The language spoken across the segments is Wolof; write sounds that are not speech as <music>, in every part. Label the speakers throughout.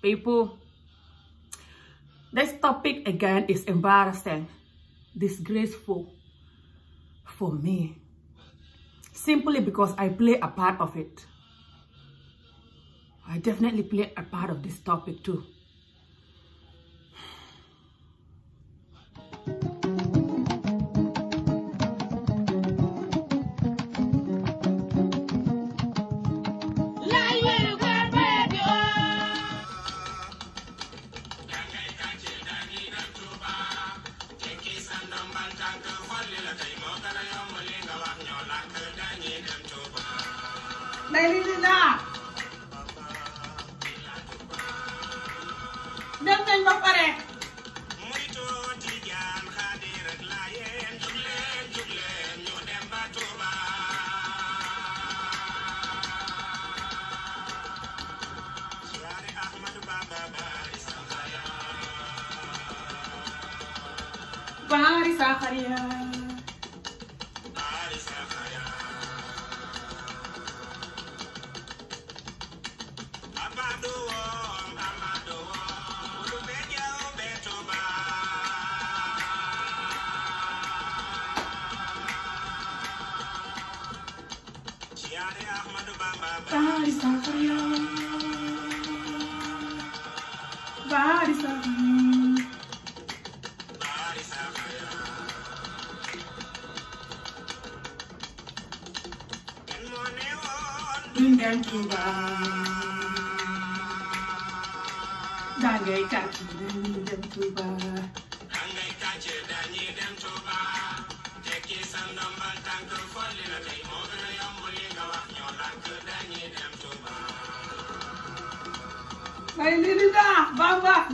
Speaker 1: People, this topic again is embarrassing, disgraceful for me. Simply because I play a part of it. I definitely play a part of this topic too.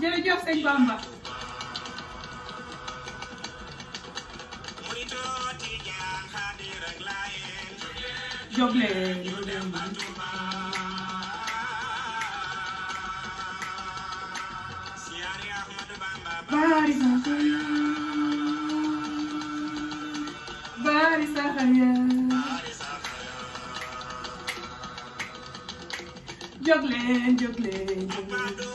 Speaker 1: jërëjëf sëñ Bamba. jóg leen jóg leen bari
Speaker 2: sax ya bari sax ya
Speaker 1: jóg leen jóg leen jóg leen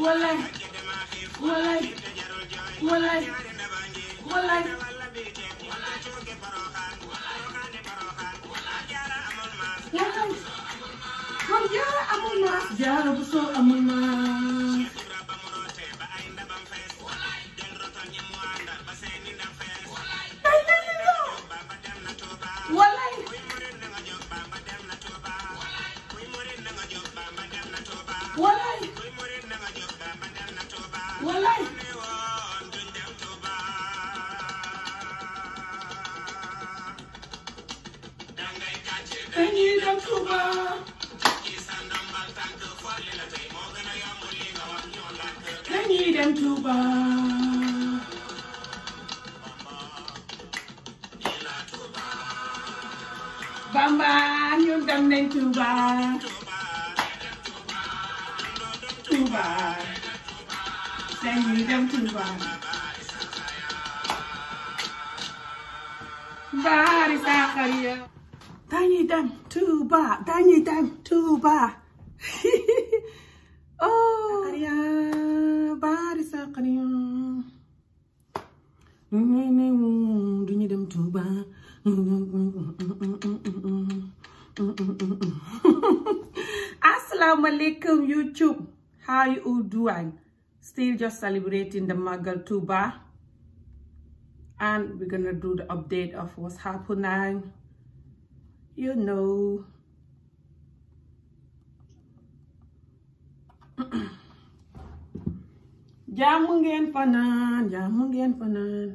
Speaker 1: wallaay Bamba ñun dem nañ Touba Touba dañuy dem Touba bari saxar ya dañuy dem Touba dañuy dem Touba alaikum YouTube. How you all doing? Still just celebrating the Magal Tuba. And we're gonna do the update of what's happening. You know. <clears throat> jaamu ngeen fanaan jaamu ngeen fanaan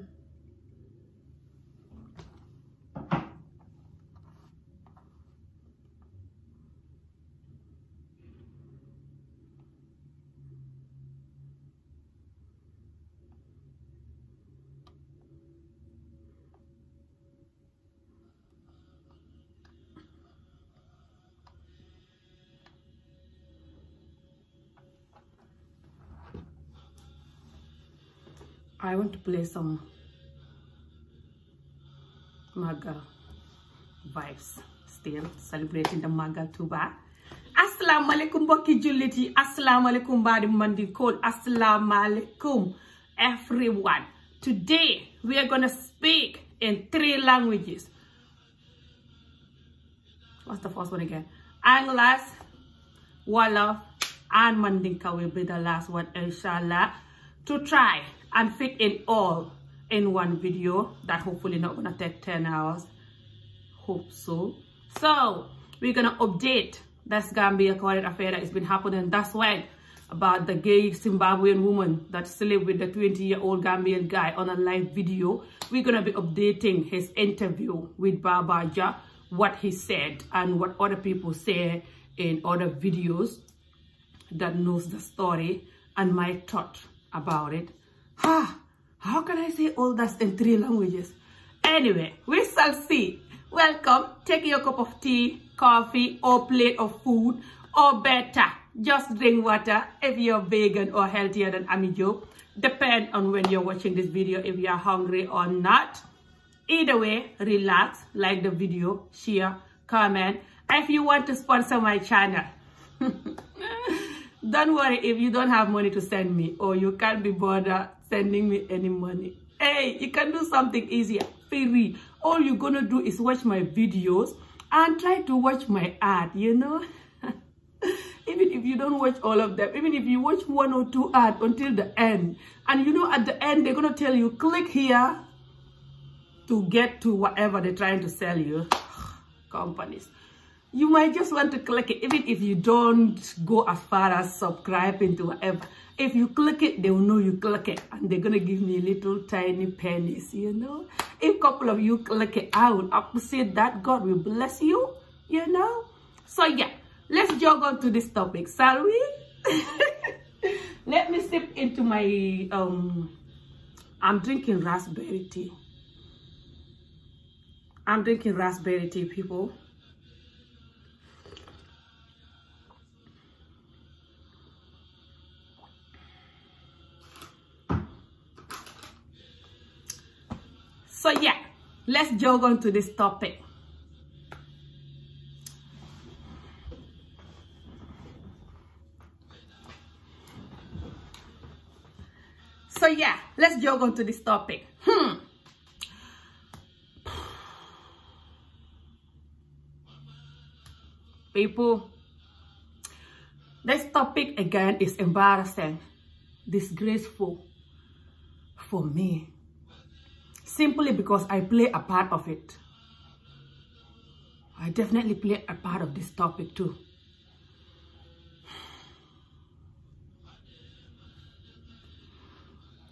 Speaker 1: I want to play some Magal vibes still celebrating the Magal Touba asalaamaaleykum mbokki jullit yi asalaamaaleykum mbaadi mandikool asalaamaaleykum everyone today we are gonna speak in three languages what's the first one again Anglas Wolof and Mandinka will be last one inshallah to try and fit in all in one video that hopefully not gonna take 10 hours hope so so we're gonna update that's Gambia current affair that has been happening that's why about the gay Zimbabwean woman that slept with the 20-year-old Gambian guy on a live video. We're going to be updating his interview with Babaja, what he said and what other people say in other videos that knows the story and my thought about it. Ha! How can I say all that in three languages? Anyway, we shall see. Welcome. Take your cup of tea, coffee, or plate of food, or better, just drink water if you're vegan or healthier than Ami Job. Depend on when you're watching this video, if you're hungry or not. Either way, relax, like the video, share, comment. If you want to sponsor my channel, <laughs> don't worry if you don't have money to send me or you can't be bothered sending me any money. Hey, you can do something easier. Free. All you're gonna do is watch my videos and try to watch my ad, you know? <laughs> even if you don't watch all of them, even if you watch one or two ads until the end, and you know at the end they're gonna tell you, click here to get to whatever they're trying to sell you. <sighs> Companies you might just want to click it even if you don't go as subscribing to whatever If you click it, they will know you click it. And they're going to give me little tiny pennies, you know. If a couple of you click it, I will appreciate that. God will bless you, you know. So, yeah. Let's jog on to this topic, shall we? <laughs> Let me sip into my... um. I'm drinking raspberry tea. I'm drinking raspberry tea, people. So yeah, let's jog on to this topic. Hmm. People, this topic again is embarrassing, disgraceful for me. simply because I play a part of it. I definitely play a part of this topic too.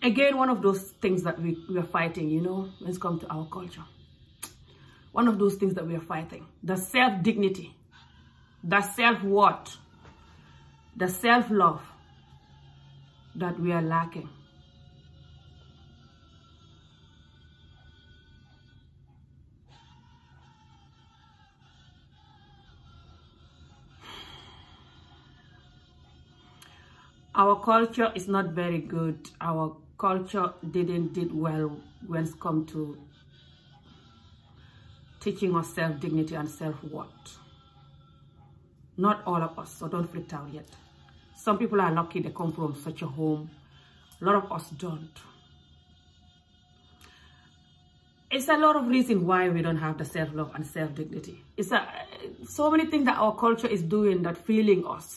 Speaker 1: Again, one of those things that we, are fighting, you know, let's come to our culture. One of those things that we are fighting, the self-dignity, the self-worth, the self-love that we are lacking. our culture is not very good our culture didn't did well when it comes to teaching us self-dignity and self-worth not all of us so don't freak out yet some people are lucky they come from such a home a lot of us don't it's a lot of reason why we don't have the self-love and self-dignity it's a so many things that our culture is doing that feeling us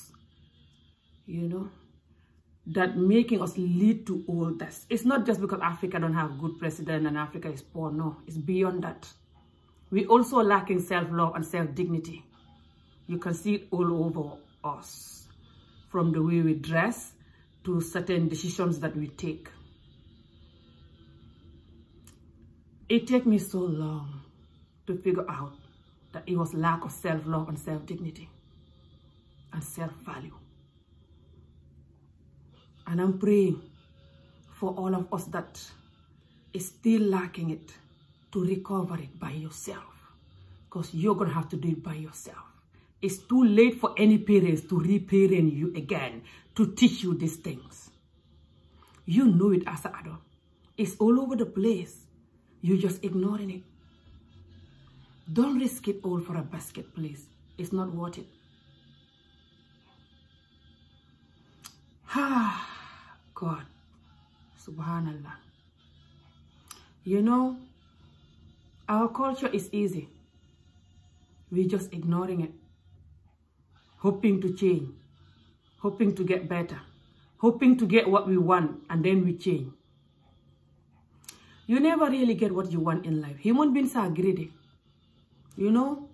Speaker 1: you know that making us lead to all this. It's not just because Africa don't have good president and Africa is poor. No, it's beyond that. We also lacking self-love and self-dignity. You can see all over us, from the way we dress to certain decisions that we take. It took me so long to figure out that it was lack of self-love and self-dignity and self-value. And I'm praying for all of us that is still lacking it to recover it by yourself. Because you're going have to do it by yourself. It's too late for any parents to reparent you again, to teach you these things. You know it as an adult. It's all over the place. You're just ignoring it. Don't risk it all for a basket, please. It's not worth it. <sighs> Ah. God. Subhanallah. You know, our culture is easy. We're just ignoring it. Hoping to change. Hoping to get better. Hoping to get what we want and then we change. You never really get what you want in life. Human beings are greedy. You know,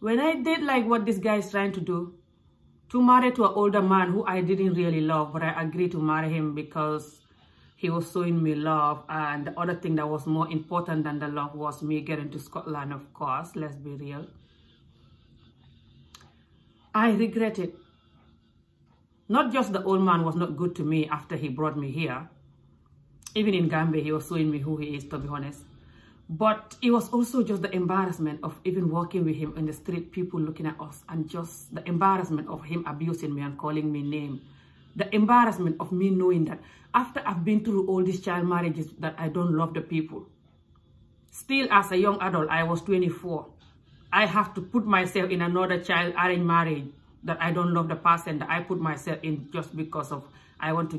Speaker 1: when I did like what this guy is trying to do, to marry to an older man who I didn't really love, but I agreed to marry him because he was showing me love. And the other thing that was more important than the love was me getting to Scotland, of course, let's be real. I regret it. Not just the old man was not good to me after he brought me here. Even in Gambia, he was showing me who he is, to be honest. But it was also just the embarrassment of even walking with him in the street, people looking at us, and just the embarrassment of him abusing me and calling me name. The embarrassment of me knowing that after I've been through all these child marriages, that I don't love the people. Still, as a young adult, I was 24. I have to put myself in another child arranged marriage that I don't love the person that I put myself in just because of I want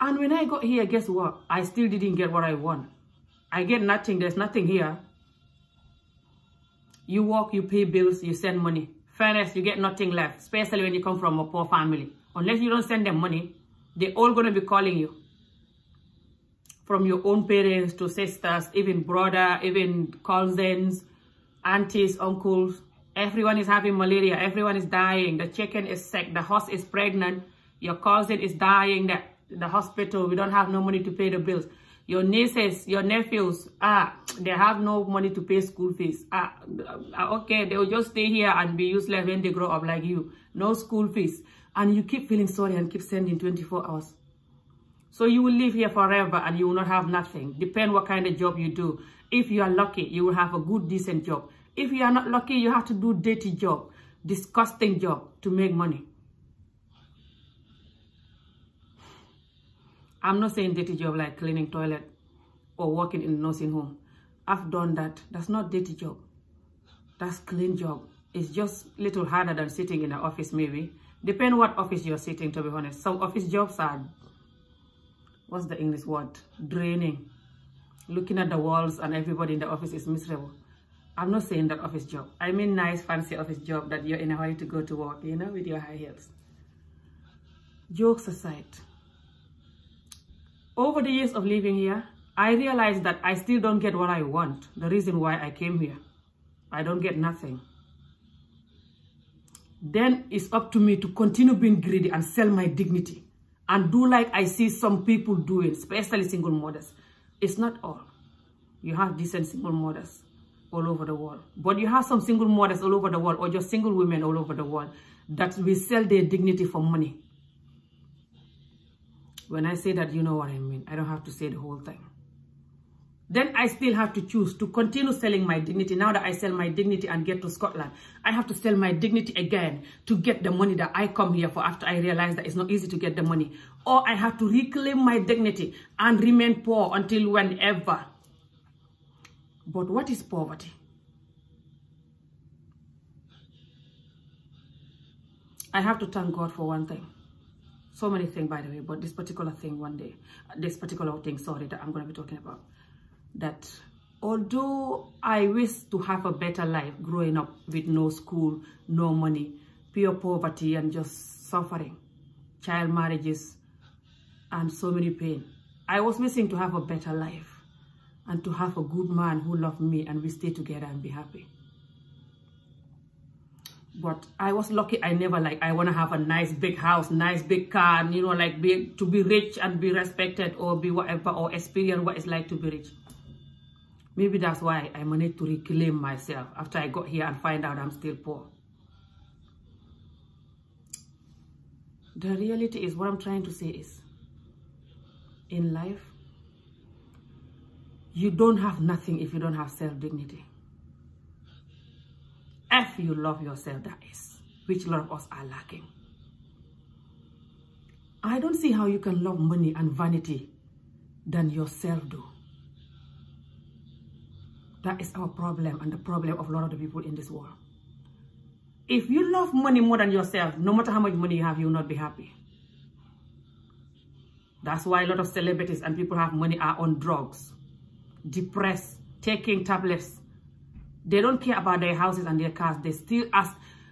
Speaker 1: And when I got here, I still didn't get what I want. I get nothing. There's nothing here. You work, you pay bills, you send money. Fairness, you get nothing left, especially when you come from a poor family. Unless you don't send them money, they're all going to be calling you. From your own parents to sisters, even brother, even cousins, aunties, uncles. Everyone is having malaria. Everyone is dying. The chicken is sick. The horse is pregnant. Your cousin is dying. The the hospital. We don't have no money to pay the bills. Your nieces, your nephews, ah, they have no money to pay school fees. Ah, ah, okay, they will just stay here and be useless when they grow up like you. No school fees. And you keep feeling sorry and keep sending 24 hours. So you will live here forever and you will not have nothing. Depend what kind of job you do. If you are lucky, you will have a good, decent job. If you are not lucky, you have to do I'm not saying dirty job like cleaning toilet or working in nursing home. I've done that. That's not dirty job. That's clean job. It's just little harder than sitting in an office maybe. Depend what office you're sitting, to be honest. Some office jobs are, what's the English word? Draining. Looking at the walls and everybody in the office is miserable. I'm not saying that office job. I mean nice, fancy office job that you're in a hurry to go to work, you know, with your high heels. Jokes aside, Over the years of living here, I realized that I still don't get what I want, the reason why I came here. I don't get nothing. Then it's up to me to continue being greedy and sell my dignity and do like I see some people doing, especially single mothers. It's not all. You have decent single mothers all over the world. But you have some single mothers all over the world or just single women all over the world that will sell their dignity for money When I say that, you know what I mean. I don't have to say the whole thing. Then I still have to choose to continue selling my dignity. Now that I sell my dignity and get to Scotland, I have to sell my dignity again to get the money that I come here for after I realize that it's not easy to get the money. Or I have to reclaim my dignity and remain poor until whenever. But what is poverty? I have to thank God for one thing. so many things by the way but this particular thing one day uh, this particular thing sorry that i'm going to be talking about that although i wish to have a better life growing up with no school no money pure poverty and just suffering child marriages and so many pain i was wishing to have a better life and to have a good man who loved me and we stay together and be happy but I was lucky. I never like, I want to have a nice big house, nice big car, and, to be rich and be respected or be whatever, or experience what it's like to be rich. Maybe that's why I managed to reclaim myself after I got here and find out I'm still poor. The reality is, what I'm trying to say is, in life, you don't have nothing if you don't have self-dignity. If you love yourself, that is, which a of us are lacking. I don't see how you can love money and vanity than yourself do. That is our problem and the problem of a lot of the people in this world. If you love money more than yourself, no matter how much money you have, you will not be happy. That's why a lot of celebrities and people have money are on drugs, depressed, taking tablets, They don't care about their houses and their cars. They still as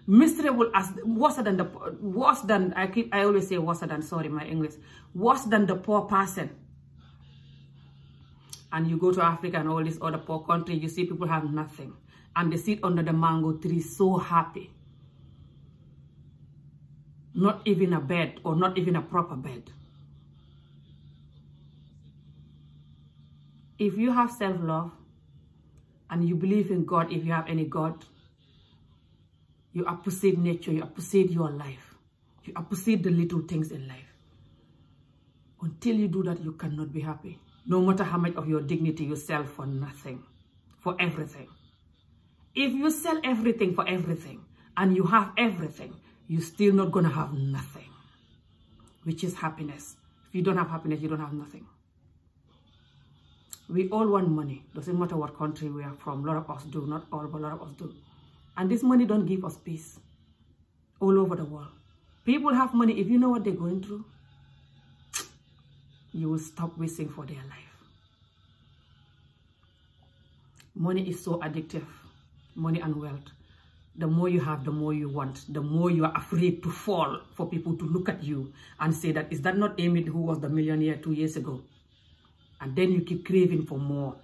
Speaker 1: miserable as worse than the worse than I always say worse than sorry my English worse than the poor person. And you go to Africa and all these other poor country, you see people have nothing, and they sit under the mango tree so happy. Not even a bed or not even a proper bed. If you have self-love, and you believe in God if you have any God, you appreciate nature, you appreciate your life, you appreciate the little things in life. Until you do that, you cannot be happy. No matter how of your dignity you sell for nothing, for everything. If you sell everything for everything and you have everything, you're still not going to have nothing, which is happiness. If you don't have happiness, you don't have nothing. We all want money. Doesn't matter what country we are from. lot of us do. Not all, but lot of us do. And this money don't give us peace all over the world. People have money. If you know what they're going through, you will stop wishing for their life. Money is so addictive. Money and wealth. The more you have, the more you want. The more you are afraid to fall for people to look at you and say that, is that not Amy who was the millionaire two years ago? and then you keep craving for more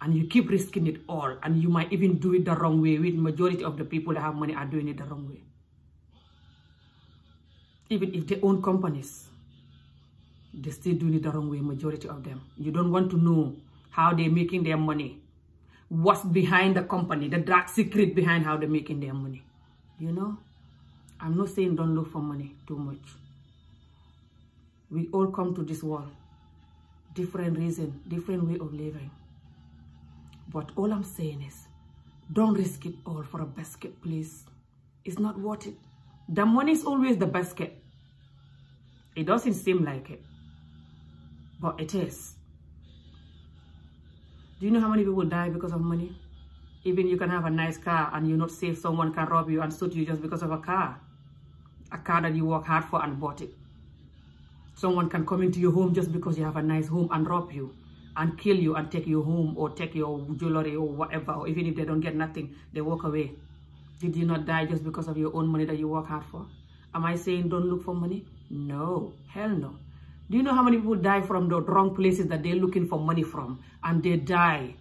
Speaker 1: and you keep risking it all and you might even do it the wrong way with majority of the people that have money are doing it the wrong way even if they own companies they still doing it the wrong way majority of them you don't want to know how they're making their money what's behind the company the dark secret behind how they're making their money you know i'm not saying don't look for money too much we all come different reason, different way of living. But all I'm saying is, don't risk it all for a basket, please. It's not worth it. The money always the basket. It doesn't seem like it, but it is. Do you know how many people die because of money? Even you can have a nice car and you're not safe, someone can rob you and shoot you just because of a car. A car that you work hard for and bought it. Someone can come into your home just because you have a nice home and rob you and kill you and take your home or take your jewelry or whatever. Or even if they don't get nothing, they walk away. Did you not die just because of your own money that you work hard for? Am I saying don't look for money? No, hell Do you know how many people die from the wrong places that they're looking for money from and they die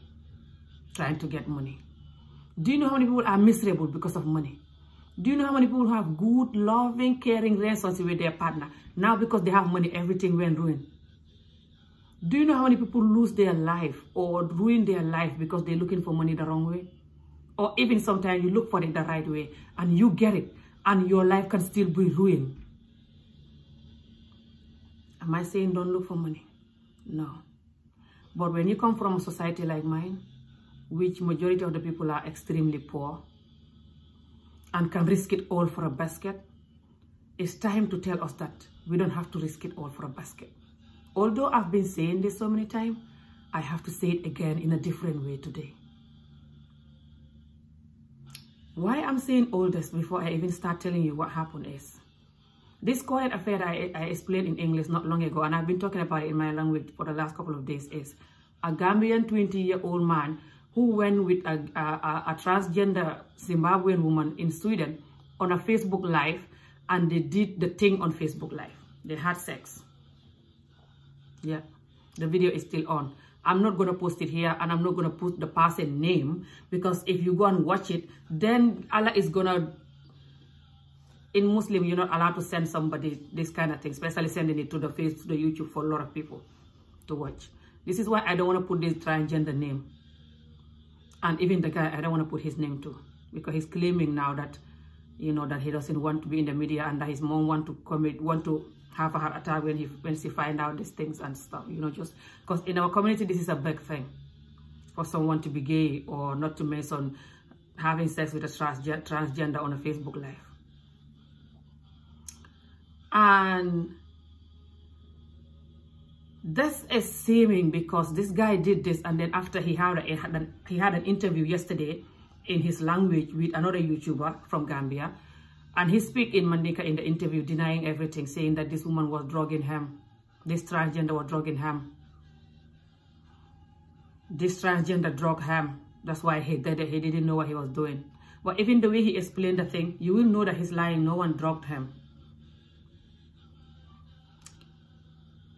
Speaker 1: trying to get money? Do you know how money? Now because they have money, everything went ruined. Do you know how many people lose their life or ruin their life because they're looking for money the wrong way? Or even sometimes you look for it the right way and you get it and your life can still be ruined. Am I saying don't look for money? No. But when you come from society like mine, which majority of the people are extremely poor and can risk it all for a basket, it's time to tell us that we don't have to risk it all for a basket. Although I've been saying this so many times, I have to say it again in a different way today. Why I'm saying all before I even start telling you what happened is, this current affair I, I explained in English long ago, and I've been talking about it in my language for the last couple of days, is a Gambian 20-year-old man who went with a, transgender Zimbabwean woman in Sweden and they did the thing on Facebook Live. They had sex. Yeah, the video is still on. I'm not going to post it here and I'm not going to put the person name because if you go and watch it, then Allah is going to, in Muslim, you're not allowed to send somebody this kind of thing, especially sending it to the face, to the YouTube for a lot of people to watch. This is why I don't want to put his name too because he's claiming now that you know that he doesn't want to be in the media and that his mom want to commit want to have a heart attack when he when she find out these things and stuff you know just because in our community this is a big thing for someone to be gay or not to mention having sex with a transge transgender on a facebook live and this is seeming because this guy did this and then after he had a, he had an interview yesterday in his language with another YouTuber from Gambia. And he speak in Mandinka in the interview, denying everything, saying that this woman was drugging him. This transgender was him. That's why he did it. He didn't know what he was doing. But even the way he explained the thing, you will know that he's lying. No one drugged him.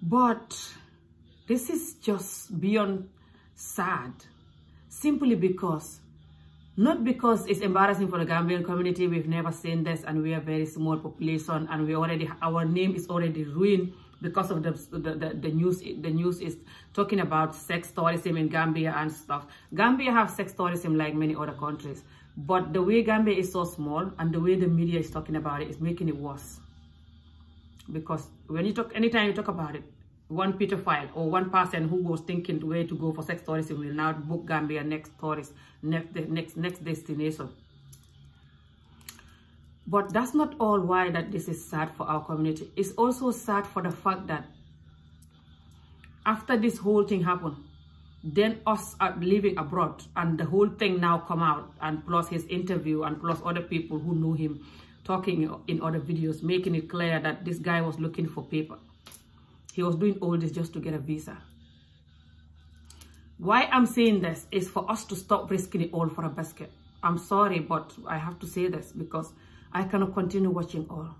Speaker 1: But this is just beyond sad, simply because not because it's embarrassing for the Gambian community. We've never seen this and we are a very small population and we already, our name is already ruined because of the, the, the, the news. The news is talking about sex tourism in Gambia and stuff. Gambia have sex tourism like many other countries. But the way Gambia is so small and the way the media is talking about it is making it worse. Because when you talk, anytime you talk about it, one pedophile or one person who was thinking the to go for sex tourism will now book Gambia next tourist, next, destination. But that's not all why this is sad for our community. It's also sad for the fact that after this whole thing happened, then us living abroad and the whole thing now come out and plus his interview and plus other people who knew him talking in other videos, making it clear that this guy was looking for paper. He was doing all this just to get a visa. Why I'm saying this is for us to stop risking it all for a basket. I'm sorry, but I have to say this because I cannot continue watching all.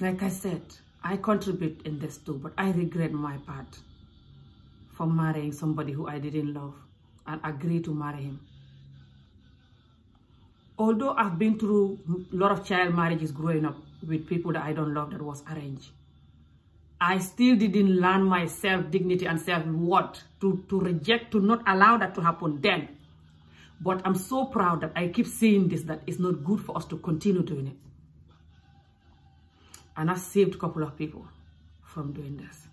Speaker 1: Like I said, I contribute in this too, but I regret my part for marrying somebody who I didn't love and agree to marry him. Although I've been through a lot of child marriages growing up with people that I don't love that was arranged, I still didn't learn my self-dignity and self-worth to, reject, to not allow that to happen then. But I'm so proud that I keep saying this, that it's not good for us to continue doing it. And I saved couple of people from doing this.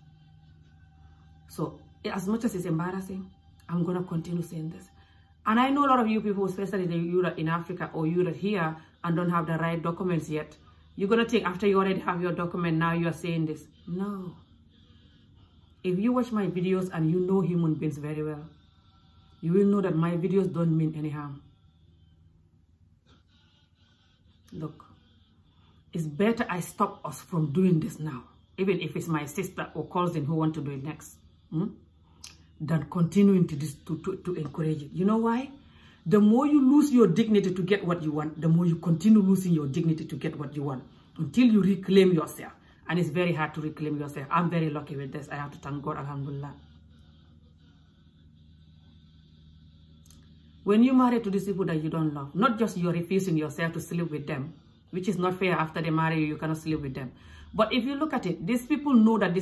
Speaker 1: So as much as it's embarrassing, I'm going to continue saying this. And I know a lot of you people, especially in Africa or you here and don't have the right documents You're going to take after you already have your document. Now you're saying this. No. If you watch my videos and you know human beings very well, you will know that my videos don't mean any harm. Look, it's better I stop us from doing this now, even if it's my sister or cousin who want to do it next, hmm? than continuing to, this, to, to, to encourage it. You know why? the more you lose your dignity to get what you want, the more you continue losing your dignity to get what you want until you reclaim yourself. And it's very hard to reclaim yourself. I'm very lucky with this. I have to thank God, Alhamdulillah. When you marry to these people that you don't love, not just you're refusing yourself to sleep with them, which is not fair after they marry you, cannot sleep with them. But if you look at it, these people know that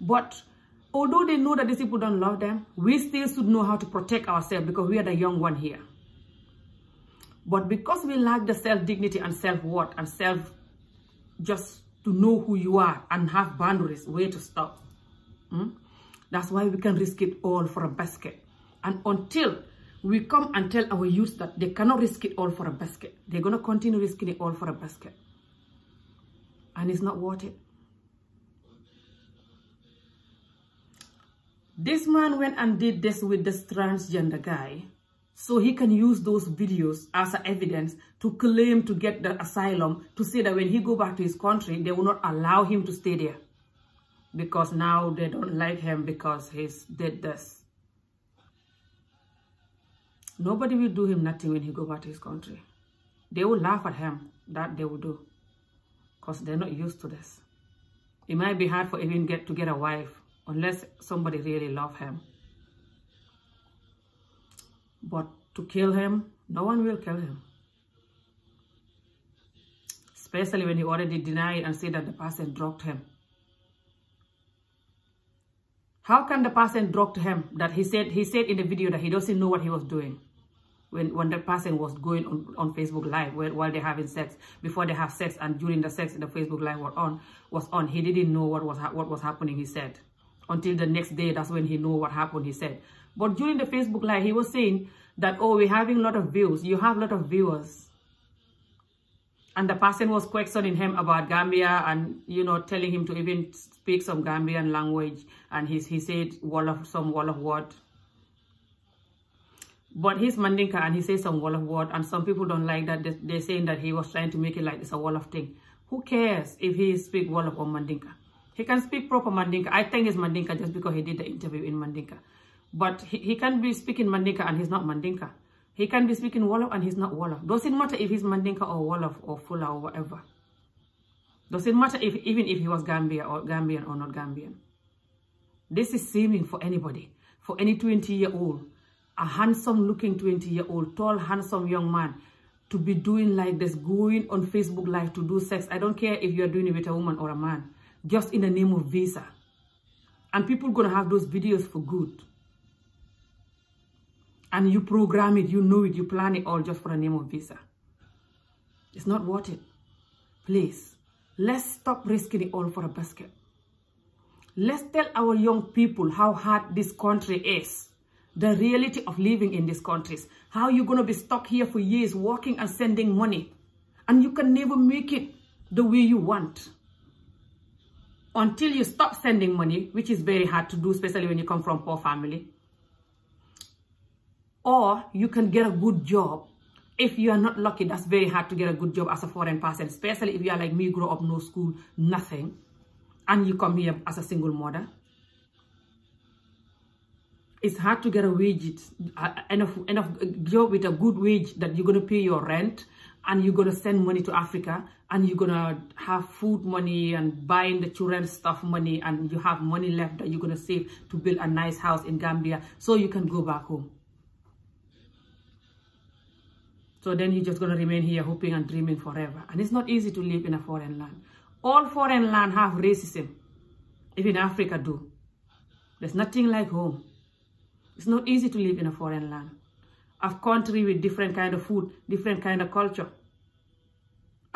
Speaker 1: But although they know that these people don't love them, we still know how to protect ourselves because we are the young one here. But because we lack the self-dignity and self-worth and self just to know who you are and have boundaries, where to stop. Hmm, that's why we can risk it all for a basket. And until we come and tell our youth that they cannot risk it all for a basket, they're going to continue risking it all for a basket. And it's not worth This man went and did this with this transgender guy. So he can use those videos as evidence to claim to get the asylum to say that when he go back to his country, they will not allow him to stay there. Because now they don't like him because he's did this. Nobody will do him nothing when he go back to his country. They will laugh at him. That they will do. Because they're not used to this. It might be hard for even to get a wife unless somebody really love him. But to kill him, no one will kill him. Especially when you already deny and say that the person drugged him. How can the person drugged him that he said in the video that he doesn't know what he was doing? when the person was going on, Facebook Live while they're having sex, before they have sex and during the sex the Facebook Live were on was on, he didn't know what was happening. He said, until the next day. That's when he knew what happened, he said. But during the Facebook Live, he was saying that, oh, we're having a lot of views. You have a lot of viewers. And the person was questioning him about Gambia and, you know, telling him to even speak some Gambian language. And he, said some wall of word. and some people don't like that. they're saying that he was trying to make it like thing. Who cares if he speak wall or He can speak proper Mandinka. I think he's Mandinka just because he did the interview in Mandinka. But he, can be Mandinka and he's not Mandinka. He can be speaking Wolof and he's not Wolof. Doesn't matter if he's Mandinka or Wolof or Fula or whatever. Doesn't matter even if he was Gambian or not Gambian. This is seeming for anybody, for any 20-year-old, a handsome-looking 20-year-old, tall, handsome young man to be doing like this, going on Facebook a woman a just in the name of visa. And people going to have those videos for good. And you program it, you know it, you plan it all just for the name of visa. It's not worth it. Please, let's stop risking it all for a basket. Let's tell our young people how hard this country is. The reality of living in these countries. How you're going to be stuck here for years working and sending money. And you can never make it the way you want. until you stop sending money, which is very hard to do, especially when you come from poor family. Or you can get a good job. If you are not lucky, that's very hard to get a good job as a foreign person, especially if you are like me, grow no school, nothing. And you come here as a single mother. It's hard to get a wage, uh, enough, enough uh, job with a good wage that you're going pay your rent, and you're going to send money to Africa and you're going have food money and buying the children stuff money and you have money left that you're going save to build a nice house in Gambia so you can go back home. So then you're just going remain here hoping and dreaming forever. And it's not easy to live in a foreign land. All foreign land have racism. Even Africa do. There's nothing like home. It's not easy to live in a foreign land. A country with different kind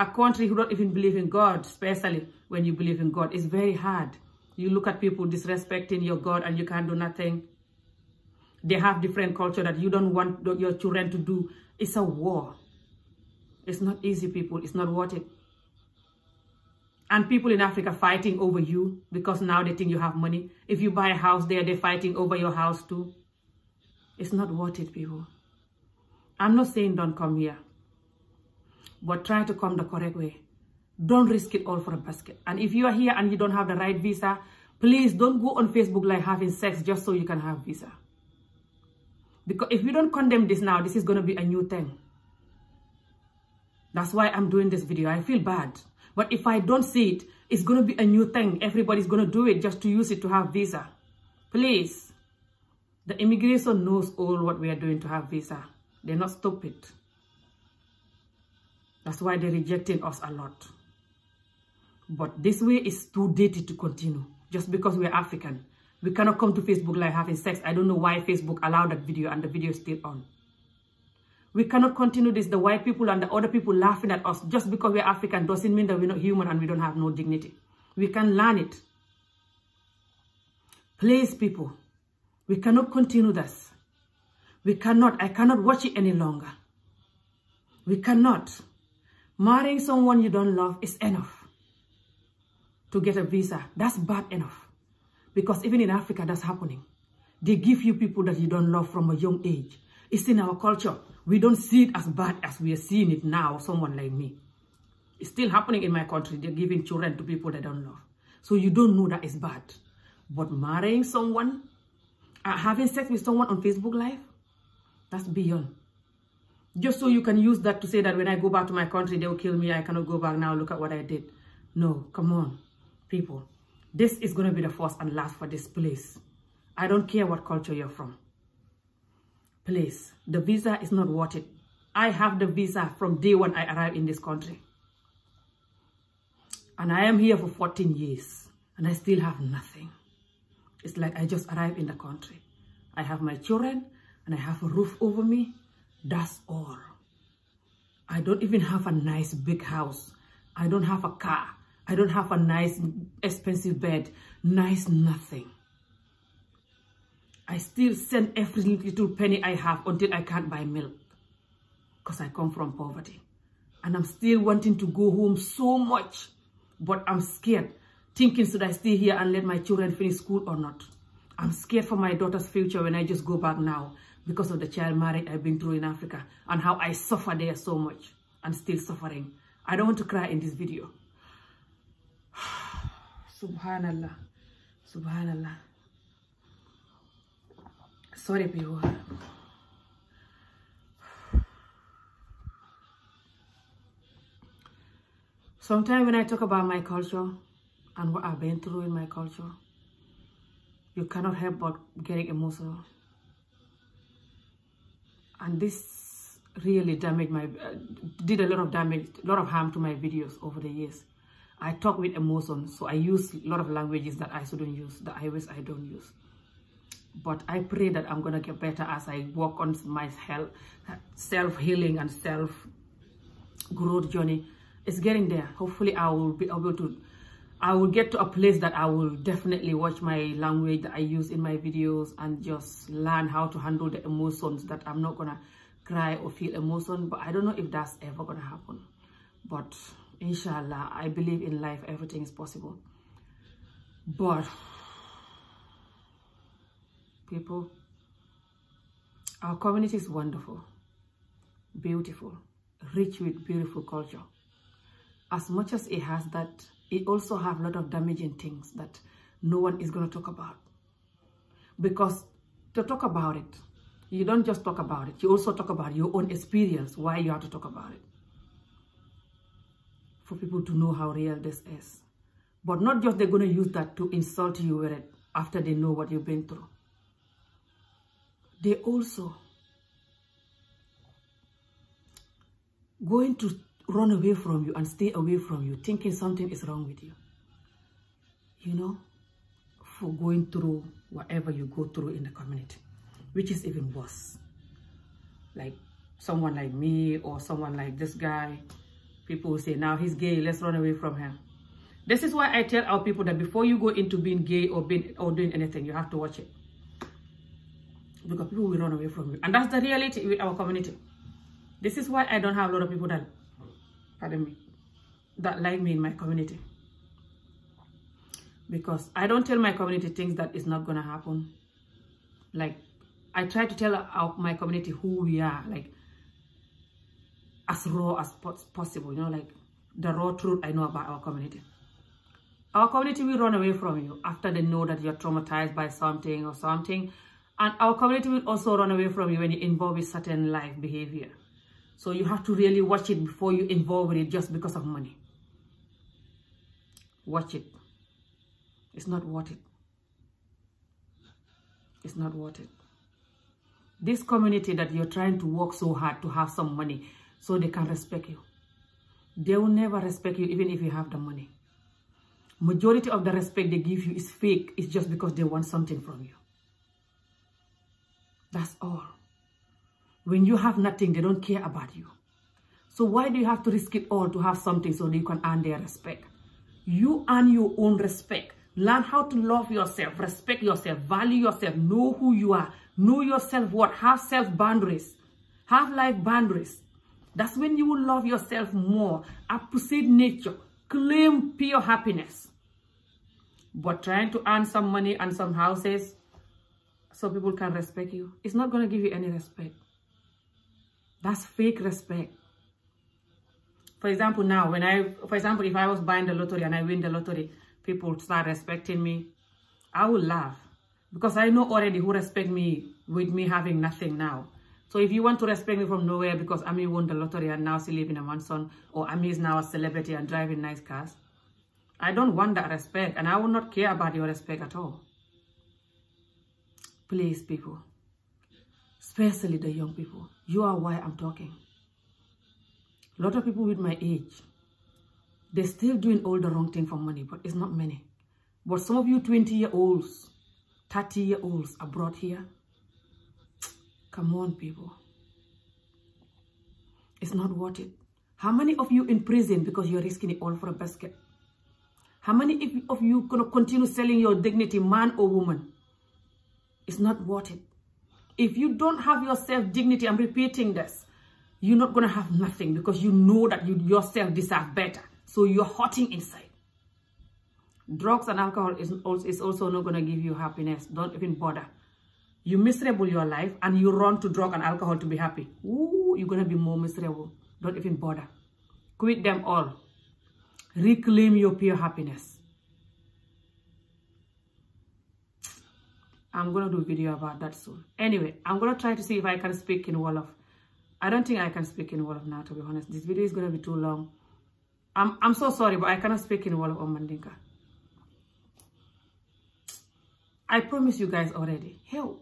Speaker 1: a country who don't even believe in God, especially when you believe in God. It's very hard. You look at people disrespecting your God and you can't do nothing. They have different culture that you don't want your children to do. It's a war. It's not easy, people. It's not worth it. And people in Africa fighting over you because now they think you have money. If you buy a house there, they're fighting over your house too. It's not worth it, people. I'm not saying but try to come the correct way. Don't risk it all for a basket. And if you are here and you don't have the right visa, please don't go on Facebook like having sex just so you can have visa. Because if we don't condemn this now, this is going to be a new thing. That's why I'm doing this video. I feel bad. But if I don't see it, it's going to be a new thing. Everybody's going to do it just to use it to have visa. Please. The immigration knows all what we That's why they're rejecting us a lot. But this way is too dirty to continue just because we're African. We cannot come to Facebook Live having sex. I don't know why Facebook allowed that video and the video still on. We cannot continue this. The white people and the other people laughing at us just because we're African doesn't mean that we're not human and we don't have no dignity. We can learn it. Please, people, we cannot continue this. We cannot. I cannot Marrying someone you don't love is enough to get a visa. That's bad enough. Because even in Africa, that's happening. They give you people that you don't love from a young age. It's in our culture. We don't see it as bad as we are seeing it now, someone like me. It's still happening in my country. They're giving children to people they don't love. So you don't know that it's bad. But marrying someone, uh, having sex with someone on Facebook Live, that's beyond. just so you can use that to say that when I go back to my country, they will kill me. I cannot go back now. Look at what I did. No, come on, people. This is going to be the first and last for this place. I don't care what culture you're from. Please, the visa is not worth it. I have the visa from day one I arrived in this country. And I am here for 14 years and I still have nothing. It's like I just arrived in the country. I have my children and I have a roof over me That's all. I don't even have a nice big house. I don't have a car. I don't have a nice expensive bed. Nice nothing. I still send every little penny I have until I can't buy milk because I come from poverty. And I'm still wanting to go home so much, but I'm scared, thinking should I stay here and let my children finish school or not. I'm scared for my daughter's future when I just go back now. because of the child marriage I've been through in Africa and how I suffer there so much and still suffering. I don't want to cry in this video. <sighs> Subhanallah. Subhanallah. Sorry, people. <sighs> Sometimes when I talk about my culture and what I've been through in my culture, you cannot help but getting emotional. and this really damaged my uh, did a lot of damage a lot of harm to my videos over the years i talk with emotion so i use a lot of languages that i shouldn't use that i wish i don't use but i pray that i'm gonna get better as i work on my health self-healing and self growth journey it's getting there hopefully i will be able to I will get to a place that I will definitely watch my language that I use in my videos and just learn how to handle the emotions that I'm not gonna cry or feel emotion. But I don't know if that's ever gonna happen. But inshallah, I believe in life, everything is possible. But people, our community is wonderful, beautiful, rich with beautiful culture. As much as it has that it also have a lot of damaging things that no one is going to talk about. Because to talk about it, you don't just talk about it. You also talk about your own experience, why you have to talk about it. For people to know how real this is. But not just they're going to that they know also going to run away from you and stay away from you, thinking something is wrong with you. You know, for going through whatever you go through in the community, which is even worse. Like someone like me or someone like this guy, people say, now he's gay, let's run away from him. This is why I tell our people that before you go into being gay or doing anything, you have to watch it. Because people will run away from you. And that's the reality with our community. pardon me, that like me in my community. Because I don't tell my community things that is not going to happen. I try to tell my community who we are, as raw as possible, you know, like the raw truth I know about our community. Our community will run away from you after they know that you're traumatized by something or something. And our community will also run away from you when you involve with certain life behavior. So you have to really watch it before you involve in it just because of money. Watch it. It's not worth it. It's not worth it. This community that you're trying to work so hard to have some money so they can respect you. They will never respect you even if you have the money. Majority of the respect they give you is fake. It's just because they want something from you. That's all. When you have nothing, they don't care about you. So why do you have to risk it all to have something so that you can earn their respect? You earn your own respect. Learn how to love yourself, respect yourself, value yourself, know who you are, know yourself what, have self-boundaries, have life boundaries. That's when you will love yourself more, appreciate nature, claim pure happiness. But trying to earn some money and some houses so people can respect you, it's That's fake respect. For example, now, if I was buying the lottery and I win the lottery, people start respecting me. I will laugh because I know already who respect me with me having nothing now. So if you want to respect me from nowhere because Ami won the lottery and now she lives in a mansion or Ami is celebrity and driving nice cars, I don't want that respect and I will not care about your respect at all. Please, people, especially the young You are why I'm talking. lot of people with my age, they're still doing all the wrong thing for money, but it's not many. But some of you 20-year-olds, 30-year-olds are brought here. Come on, people. It's not worth How many of you in prison because you're risking it all for a basket? How many of you gonna continue selling your dignity, man or woman? It's not worth if you don't have your self-dignity, I'm repeating this, you're not going to have nothing because you know that you yourself deserve better. So you're hurting inside. Drugs and alcohol is also, is also not going to give you happiness. Don't even bother. You miserable your life and you run to drug and alcohol to be happy. Ooh, you're going to be more miserable. Don't even bother. Quit them all. Reclaim your pure happiness. I'm going to do a video about that soon. Anyway, I'm going to try to see if I can speak in Wolof. I don't think I can speak in Wolof now, to be honest. This video is going to be too long. I'm, I'm so sorry, but I cannot speak in Wolof or Mandinka. I promise you guys already. Hell,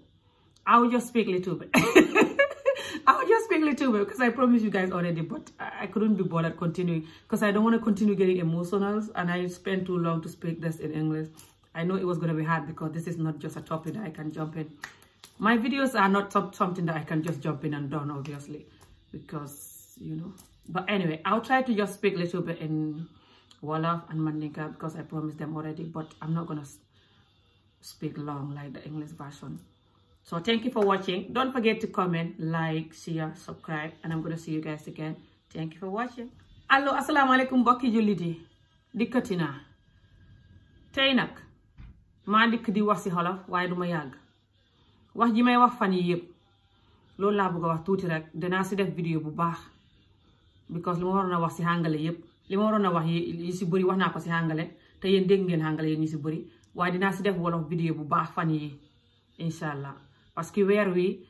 Speaker 1: I will just speak a little bit. <laughs> I will just speak a little bit because I promise you guys already, but I couldn't be bothered continuing because I don't want to continue getting emotional and I spend too long to speak this in English. I know it was going to be hard because this is not just a topic that I can jump in. My videos are not something that I can just jump in and done, obviously, because, you know. But anyway, I'll try to just speak a because I promised them already, but I'm not going to speak long like the English version. So thank you for watching. Don't forget to comment, like, share, subscribe, and I'm going to see you guys again. Thank you for watching. allo asalaamaaleykum maa dikk di wax ci xolof waaye duma yàgg wax ji may wax fan yii yëpp loolu laa bëgg wax tuuti rek danaa si def vidéo bu baax because li ma waroon a wax ci hàngale yëpp li ma waroon a wax yi si bëri wax naa ko ci hàngale te yéen dégg ngeen hàngale yéen ñu ci bëri waaye dinaa si def wolof vidéo bu baax fan yii incha allah parce que weer wi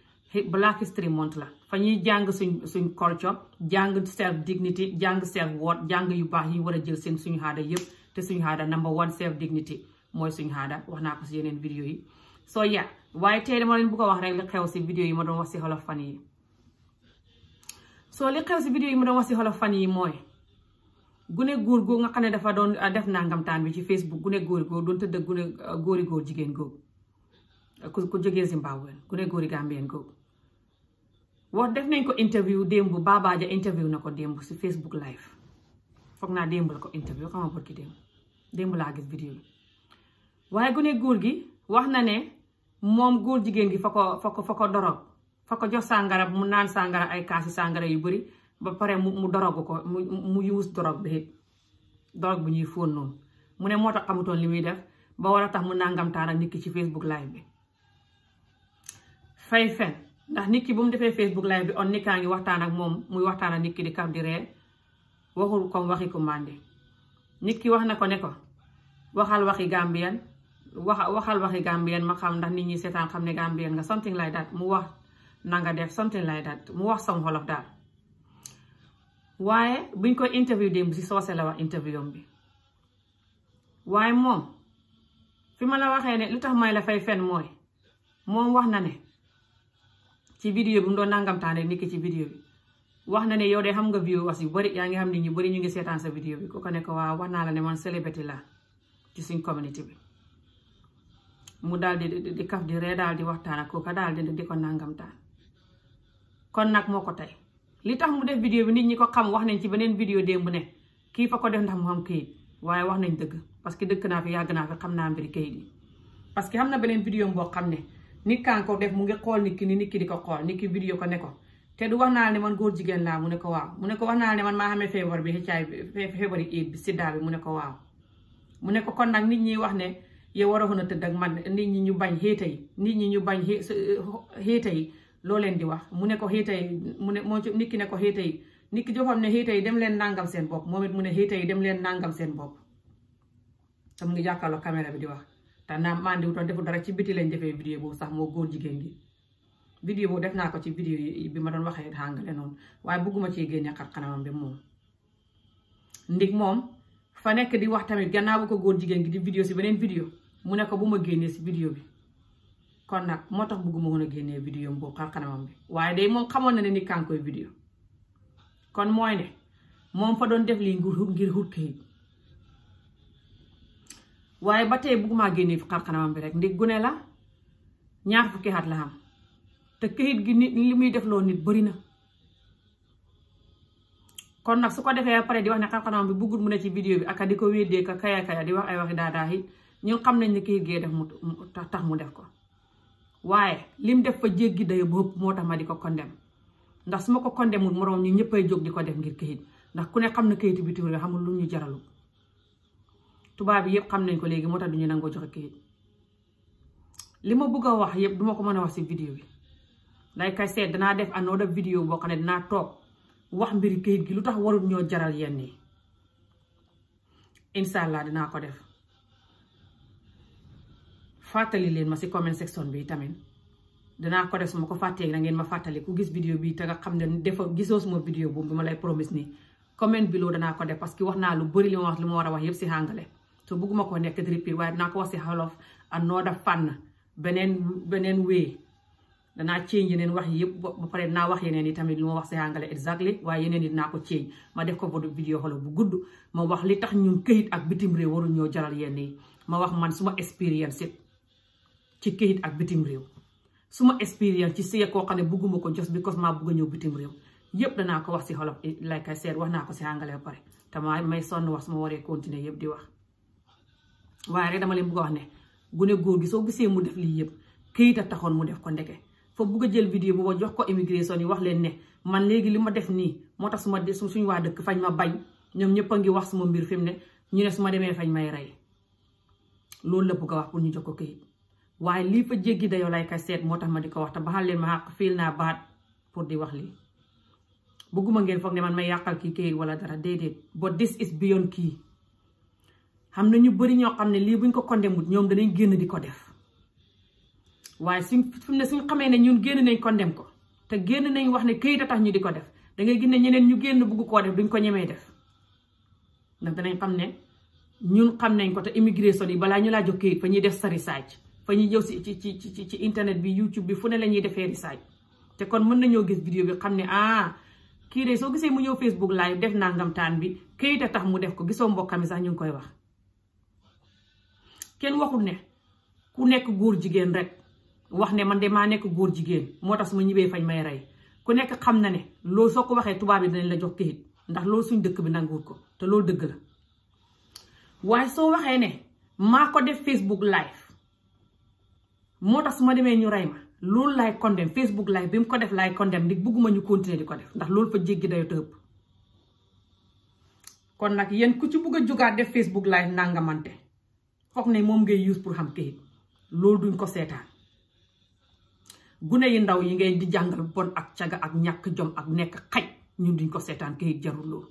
Speaker 1: Black History la fa ñuy jàng suñ suñ culture jàng self dignity jàng self worth jàng yu baax yi war a jël seen suñu aada yëpp te suñu aada number one self dignity mooy suñ aada wax naa ko si yeneen vidéo yi soo ya waaye tey dama leen bu ko wax rek li xew si vidéo yi ma doon wax si xolof fan yi soo li xew si vidéo yi ma doon wax si xolof fan yi mooy gune góor goo nga xam ne dafa doon uh, def nangamtaan bi ci facebook gune góor góor doon tëdd gune uh, góori góor jigéen ko ku ku jógee Zimbabwe gune góori Gambien góor wax def nañ ko interview démb Babaaja interview na ko démb si facebook live foog naa démb la ko interview xama bërki démb démb laa gis vidéo waaye gune góor gi wax na ne moom góor jigéen gi fa ko fa ko fa jox sàngara mu naan sàngara ay kaasi sàngara yu bari ba pare mu mu ko mu mu yuus dorog bi dorog bu ñuy fóon noonu mu ne moo tax xamutoon li muy def ba war a tax mu nangam taara nit ki ci Facebook live bi fay fen ndax nit ki bu mu defee Facebook live bi on nit ngi waxtaan ak moom muy waxtaan ak nit ki di kaf di ree waxul comme waxi ko màndi nit ki wax na ko ne ko waxal wax waxal waxi gambien ma xam ndax nit ñi seetaan xam ne gambien nga something like that mu wax nanga def something like that mu wax sam xolof daal waaye buñ ko interview démb si soose la wax interview bi waaye moom fi ma la waxee ne lu tax may la fay fen mooy moom wax na ne ci vidéo bi mu doon nangamtaane nit ki ci vidéo bi wax na ne yow de xam nga viewers yu bëri yaa ngi xam nit ñu bari ñu ngi seetaan sa vidéo bi ko ko ne ko waaw wax naa la ne man célébrité la ci suñ communauté bi mu daal di di kaf di ree daal di waxtaan ak kooka daal di di ko nàngamtaan kon nag moo ko tey li tax mu def vidéo bi nit ñi ko xam wax nañ ci beneen vidéo démb ne kii ko def ndax mu am kayit waaye wax nañ dëgg parce que dëkk naa fi yàgg naa fi xam naa mbiri kayit yi parce que xam na beneen vidéo boo xam ne nit kaan ko def mu ngi xool nit ki ni nit ki di ko xool nit ki vidéo ko ne ko te du wax naa ne man góor jigéen laa mu ne ko waaw mu ne ko wax naa ne man maa xamee feebar bi HIV feebari éid bi sida bi mu ne ko waaw mu ne ko kon nag nit ñi wax ne yow war a xun a tëdd ak man nit ñi ñu bañ xéeta yi nit ñi ñu bañ xéeta yi loo leen di wax mu ne ko xéeta mu ne moo ci nit ki ne ko xéeta yi nit ki joo dem leen nàngal seen bopp moom it mu ne xéeta yi dem leen nàngal seen bopp te mu ngi jàkkaarloo caméra wax te naa man di wutoon defu dara ci biti lañ defee vidéo boobu sax moo góor jigéen gi vidéo boobu def naa ko ci vidéo bi ma doon waxee xàngale noonu waaye bugguma ci génne xar bi moom moom fa nekk di wax tamit gannaaw ko góor jigéen gi di vidéo si beneen vidéo mu ne ko bu ma génnee si vidéo bi kon nag moo tax bëgguma woon génnee vidéo boobu xar kanamam bi waaye day moom xamoon na ne ni kan koy vidéo kon mooy ne moom fa doon def lii ngir ngir kayit waaye ba tey bëggumaa génnee xar kanamam bi rek ndi gune la ñaar fukki at la am te kayit gi nit li muy def loo nit bëri na kon nag su ko defee pare di wax ne xar kanamam bi bëggul mu ne ci vidéo bi aka di ko wéddee ka kaya kaya di wax ay waxi daadaa ñu xam nañ ne kii gee def mu tax mu def ko waaye lim def fa jéggi dayo bëpp moo tax ma di ko condamné ndax su ma ko condamnéwul moroom ñu ñëppay jóg di ko def ngir këyit ndax ku ne xam na këyitu bitim réew xamul lu ñu jaralul tubaab yi yëpp xam nañ ko léegi moo tax du ñu nangoo joxe këyit li ma bëgg wax yëpp duma ko mën a wax si vidéo bi like I said danaa def another vidéo boo xam ne dinaa toog wax mbiri këyit gi lu tax warul ñoo jaral yenn yi incha dinaa ko def fàttali leen ma si comment section bi tamit danaa ko def su ma ko fàttee na ngeen ma fàttali ku gis vidéo bi te nga xam ne defa gisoo suma vidéo ma lay promise nii comment bi loo danaa ko def parce que wax naa lu bëri li ma wax li ma war a ko nekk di repeat waaye danaa ko wax si xolof another fànn beneen beneen wéy danaa change yeneen wax yi yëpp ba pare dinaa wax yeneen yi tamit lu ma wax si hàngale exactly waaye yeneen yi dinaa ko change ma def ko bodu vidéo xolof bu gudd ma wax li tax ñu këyit ak bitim réew waru ñoo jaral yenn yi ma wax man suma expérience it ci këyit ak bitim réew suma expérience ci sëy koo xam ne bugguma ko jos bi cos maa bugg a ñëw bitim réew yëpp danaa ko wax si xolof like I said wax naa ko si anglais ba pare te maa may sonn wax suma waree continuer yëpp di wax waaye rek dama leen bugg a gune góor gi soo gisee mu def lii yëpp këyit a taxoon mu def ko ndeke fa bugg a jël vidéo booba jox ko immigration yi wax leen ne man léegi li ma def nii moo tax suma suñu waa dëkk fañ ma bañ ñoom ñëpp ngi wax suma mbir fi mu ne ñu ne su ma demee fañ may rey loolu la bugg a wax pour ñu jox ko këyit waaye lii fa jéggi dayoo lay ka seet moo tax ma di ko wax te baxal leen ma xàq fiil naa baat pour di wax lii bëgguma ngeen foog ne man may yàqal kii këyit wala dara déedéet but this is beyond kii xam na bëri ñoo xam ne lii buñ ko condemnut ñoom danañ génn di ko waaye suñ fi mu ne suñ xamee ne ñun génn nañ condemn ko te génn nañ wax ne këyit tax ñu di ko def dangay gis ne ñeneen ñu génn buggu koo def duñ ko ñemee def ndax danañ xam ne ñun xam nañ ko te immigration yi balaa ñu laa jox këyit fa ñuy def sa research fa ñuy jëw ci ci ci ci internet bi YouTube bi fu ne la ñuy defee research te kon mën nañoo gis vidéo bi xam ne ah kii de soo gisee mu ñëw Facebook live def nangam taan bi këyit a tax mu def ko gisoo mbokkam mi sax ñu ngi koy wax. kenn waxul ne ku nekk góor jigéen rek wax ne man de maa nekk góor jigéen moo tax su ma ñibbee fañ may rey ku nekk xam na ne loolu soo ko waxee tubaab yi dinañ la jox kayit ndax lool suñ dëkk bi nanguwul ko te loolu dëgg la waaye soo waxee ne maa moo tax su ma demee ñu rey ma loolu laay condemn Facebook live bi mu ko def laay condemn di bugguma ñu continuer di ko def ndax loolu fa jéggi dayo tëb kon nag yéen ku ci bugg a jugaat def Facebook nanga mante foog ne moom ngay use pour xam këyit loolu duñ ko seetaan gune yi ndaw yi ngay di jàngal bon ak caga ak ñàkk jom ak nekk xaj ñun duñ ko seetaan këyit jarul loolu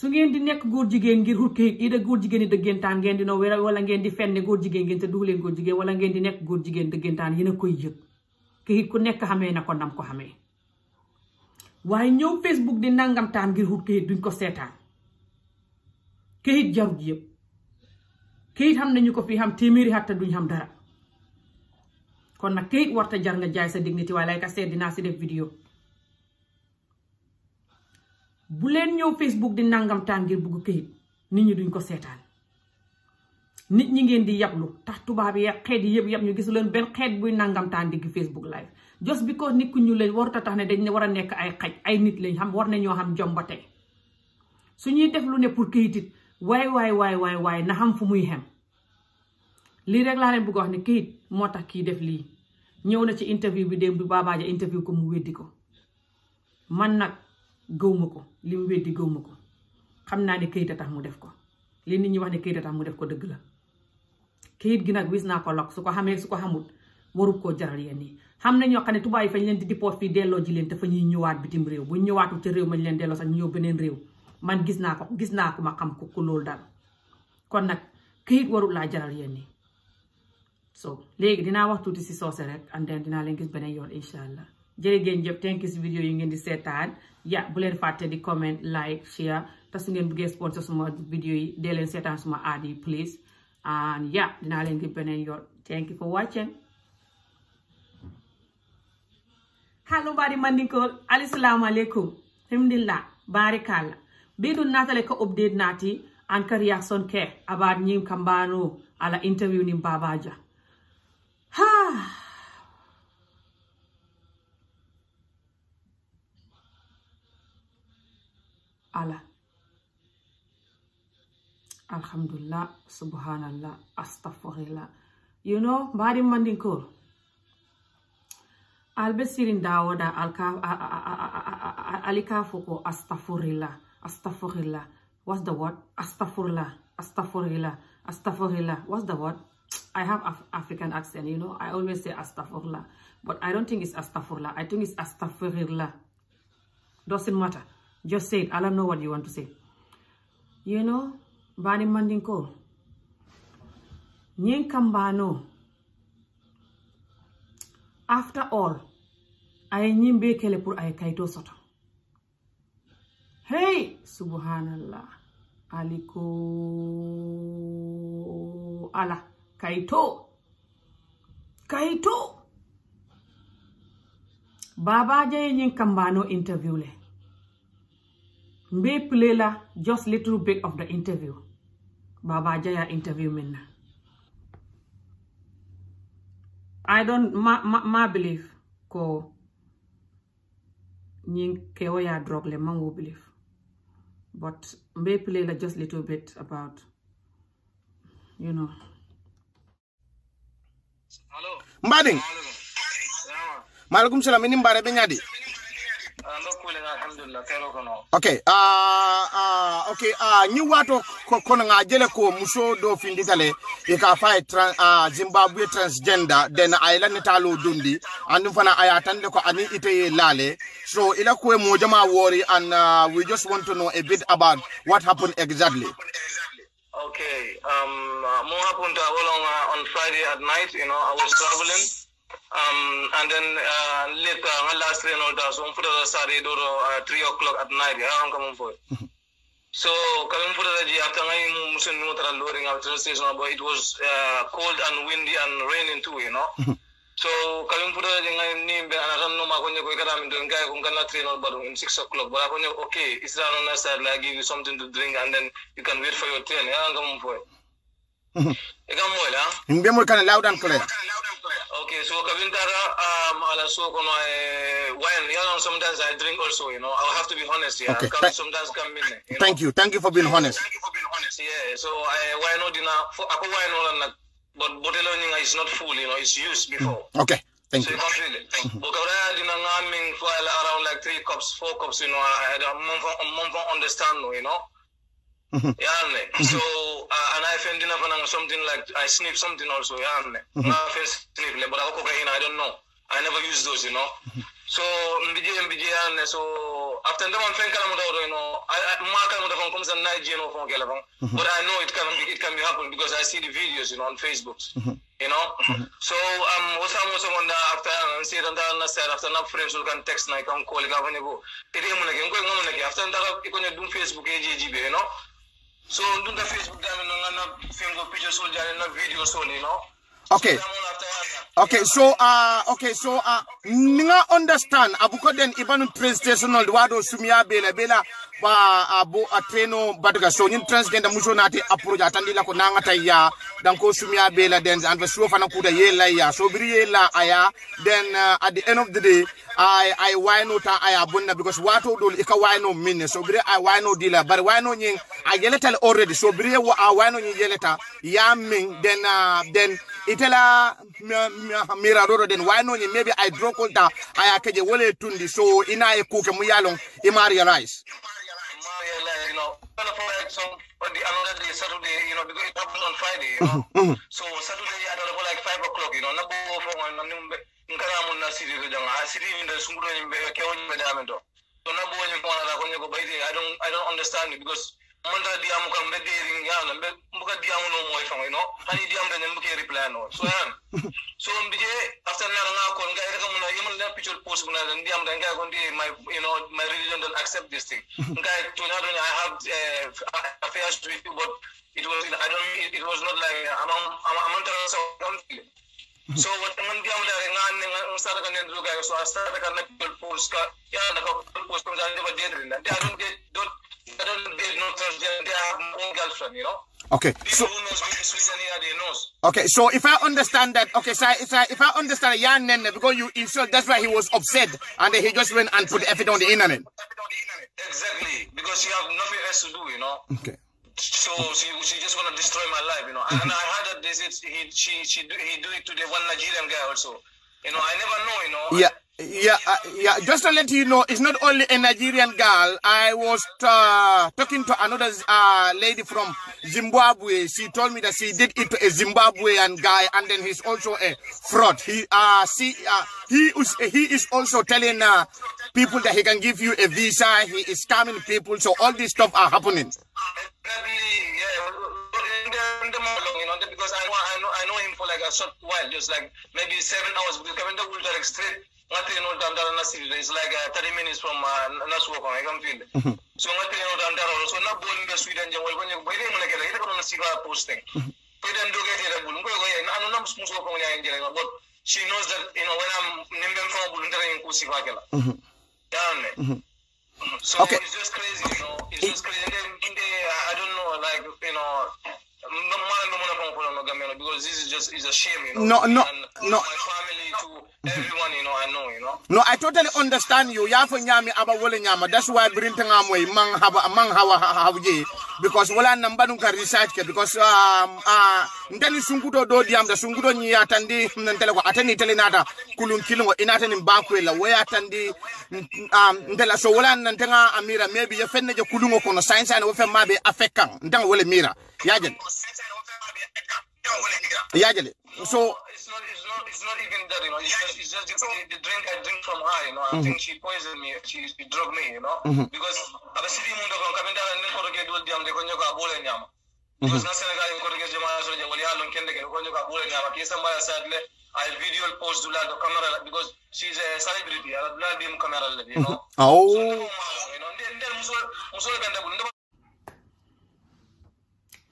Speaker 1: su ngeen di nekk góor jigéen ngir wut kayit ida góor jigéen yi dëggantaan ngeen di no wala ngeen di fenn góor jigéen ngeen te du leen góor jigéen wala ngeen di nekk góor jigéen dëggantaan yéen a koy yëg kayit ku nekk xamee na ko nam ko xamee waaye ñëw Facebook di nangamtaan ngir wut kayit duñ ko seetaan kayit jarut yëpp kayit xam nañu ko fi xam téeméeri xatta duñ xam dara kon nag kayit warta jar nga jaay sa dignité waaye lay ka seet dinaa si def vidéo bu leen ñëw Facebook di nangam taan ngir bugg këyit nit ñi duñ ko seetaan nit ñi ngeen di yablu tax tubaab yi xeet yi yëpp yëpp ñu gis leen benn xeet buy nangam taan digg Facebook live just because nit ku ñu leen warut tax ne dañ war a nekk ay xaj ay nit lañ xam war ñoo xam jom ba tey su ñuy def lu ne pour këyit it waaye waay waaye waaye waay na xam fu muy xem lii rek laa leen bëgg a wax ne këyit moo tax kii def lii ñëw na ci interview bi démb bi Babaaja ko mu weddi ko man nag. gëwma ko li mu weddi gëwma ko xam naa ne kayit a tax mu def ko li nit ñi wax ne kayit a tax mu def ko dëgg la kayit gi nag wis naa ko lok su ko xamee su ko xamul warul koo jaral yenn yi xam na ñoo xam ne tubaab yi fañ leen di diport fii delloo ji leen te fa ñuy ñëwaat bitim réew bu ñëwaatul ca réew mañ leen delloo sax ñëw beneen réew man gis naa ko gis naa ko ma xam ko ku loolu daal kon nag kayit warul laa jaral yenn yi so léegi dinaa wax tuuti si soose rek and then dinaa leen gis beneen yoon incha allah jërë ngeen jëf thank you si vidéo yi ngeen di seetaan ya bu leen fàtte di comment like share te su ngeen sponsor suma vidéo yi dee leen seetaan suma ad please and ya dinaa leen di beneen yoon thank you for watching hallu mbaɗi mandinkool alisalamu aleykum himdillah barikalla ɓeɗum natale ko update naati an ka reaction ke about ñim kambano ala interview ni babaja ha ala alhamdulillah subhanallah astaghfirullah you know bari mandinkol albe sirin dawoda alka alika foko what's the word astaghfirullah astaghfirullah astaghfirullah what's the word I have African accent, you know. I always say astaghfirullah, but I don't think it's astaghfirullah. I think it's astaghfirullah. Doesn't matter. Just say it. I don't know what want to say. You know, Bani Mandinko. Nyinkambano. After all, I nyimbe kele pour ay kaito soto. Hey, subhanallah. Aliko ala kaito. Kaito. Baba jaye nyinkambano interview le. Mbe Pulela just little bit of the interview. Baba Jaya interview minna. I don't ma ma, ma believe ko nying keoya drug le mango believe. But Mbe Pulela just little bit about you know.
Speaker 2: Hello. Mbading. Maaleykum salaam ini mbare be ñadi.
Speaker 3: Eh, ok
Speaker 2: ah, ah ok ah ni wato kono nga jele muso do findi tale e ah, zimbabwe transgender den ayla ne talo dundi fana aya ko ani ite lale so ila ko jama wori and uh, we just a bit about what happened exactly
Speaker 3: okay um uh, more happened on friday at night Um, and then uh, a uh, last train also, so umfuta sari doro uh, three o'clock at night. Yeah, I'm coming for. <laughs> So coming for the after I musun mutara loading our train station, but it was uh, cold and windy and raining too, you know.
Speaker 1: <laughs> so coming for the ngai ni be anaran
Speaker 3: no makonyo ko ikara min ngai ko ngana train or baru in six o'clock. But akonyo okay, it's not on us. I'll you something to drink and then you can wait for <laughs>
Speaker 2: Okay, so Kavintara, um, also kono eh, wine. You know, sometimes I drink also. You know, I'll have to be honest. Yeah, okay. come, sometimes come in. Thank you, thank you for being honest. Yeah, so wine no dinner. Ako wine
Speaker 3: no lang but bottle only is not full. You know, it's used mm, before. Okay. Thank so you. can't really. Thank you. Because I did around like three cups, four cups, you know, I don't understand, you know. Mm-hmm. Yeah, mm-hmm. So uh, and I something like I sniff something also. Yeah, mm-hmm. I sniff, but I cocaine. I don't know. I never use those, you know. Mm-hmm. so mbije mbije and so after them I'm thinking about you know I mark out from comes and Nigerian from Gelabang. But I know it can be happen because I see the videos, you know, on Facebook. You know? so um what's I'm also after and see and then said after not friends who can text and call So
Speaker 2: on the Facebook, I mean, on a finger picture, so I video, so you know. Okay. okay so uh, okay so uh, nga understand abuko den ibanu presentational wado sumia bela bela ba abo atreno baduga so nyin transgender muso nati approach atandila ko nanga tayya dan ko sumia bela den and so fana kuda yela ya so biri yela aya then uh, at the end of the day i i why no bonna because wato dol ika why no minne so biri i why no dila but why no nyin a yeletal already so biri wa why no yeleta ya min then uh, itela miraɗoɗo ɗen waynoñi maybe ay drokolta aya keje wole tundi so ina e kuke mu yalon ima realize So
Speaker 3: on the another day, Saturday, you know, because it happened on Friday, you know. <laughs> Mm -hmm. So Saturday, I don't know, like five o'clock, you know. Nabu for one, nkaramu na siri to jang. I siri in the sumudo ni mbe kewo ni mbe damendo. So nabu ni kwa na kwa ni kwa baidi. I don't I don't understand it manta diyamu kam mbe dering yana mbe mbuka diyamu no moy fama no hani diyamu dane mbuke reply no so yan so mbi je after na nga ko nga ere kamuna yemal na picture post muna dan diyamu dan ga ko ndi my you my religion don't accept this thing nga to na don i have uh, affairs with you but it was i don't it, it was not like amam amam amam tara so so wonta man ndiyamde are ganne sadaka nden dogay so a ka pos comme ça ndefa dedri nda nde a ɗon ɗon a ɗon
Speaker 2: de notas nde a on galfran you know Okay. So, okay. So if I understand that, okay, so if I, if I understand Jan Nene, because you insult, that's why was upset, and then he just went and put everything on the internet. Exactly, because you have nothing else to do, you know. Okay. So she, just want destroy my life, you know. I heard never know, you know. Uh, yeah. Just to let you know, it's not only a Nigerian girl. I was uh, talking to another uh, lady from Zimbabwe. She told me that she did it to a Zimbabwean guy, and then he's also a fraud. He, is, also telling people that he can give you a visa. He is scamming people. So all this stuff are happening. definitely, yeah. In the, in the morning,
Speaker 3: you know, because I know, I know, I know him for like a short while, just like maybe seven hours. Because coming to Ultra like straight, nothing you know, Dandara Nasir. It's like uh, thirty minutes from uh, Nasuwa, I can feel. Mm-hmm. So nothing you know, Dandara. So not born in the Sweden, just well, when you buy them like that, you know, Nasiwa posting. Mm-hmm. But then do get it, but no, I know, I'm supposed to come here but she knows that you know when I'm nimbem from Bulundara in Kusiwa, kela.
Speaker 2: Damn it. So okay. no man no man from Puerto Rico, because this is just is a shame, you know. No, no, and wole nyama. That's why bring tanga amwe mang haba mang hawa hawa ye because wala namba nunka research ke because um uh ndani sungudo do diam da sungudo nyi atandi ntele ko atani tele nada kulun kilungo inata ni bakwe la we atandi um ndela so kono science ana wo fe mabe afekan ndanga wole mira yaa jël yaa jël so it's not it's even that you know
Speaker 3: it's drink I drink from her you I think mm-hmm. she poisoned me she, she me you mm-hmm. because abasiri mundo ko kabinda ne ko ke dul diam de ko nyoko abule nyama because na senegal ko ke jama so je wali halon kende ke ko nyoko abule nyama ke samba post dula do camera because she's a celebrity ala dula dim camera la you mm-hmm.
Speaker 2: oh.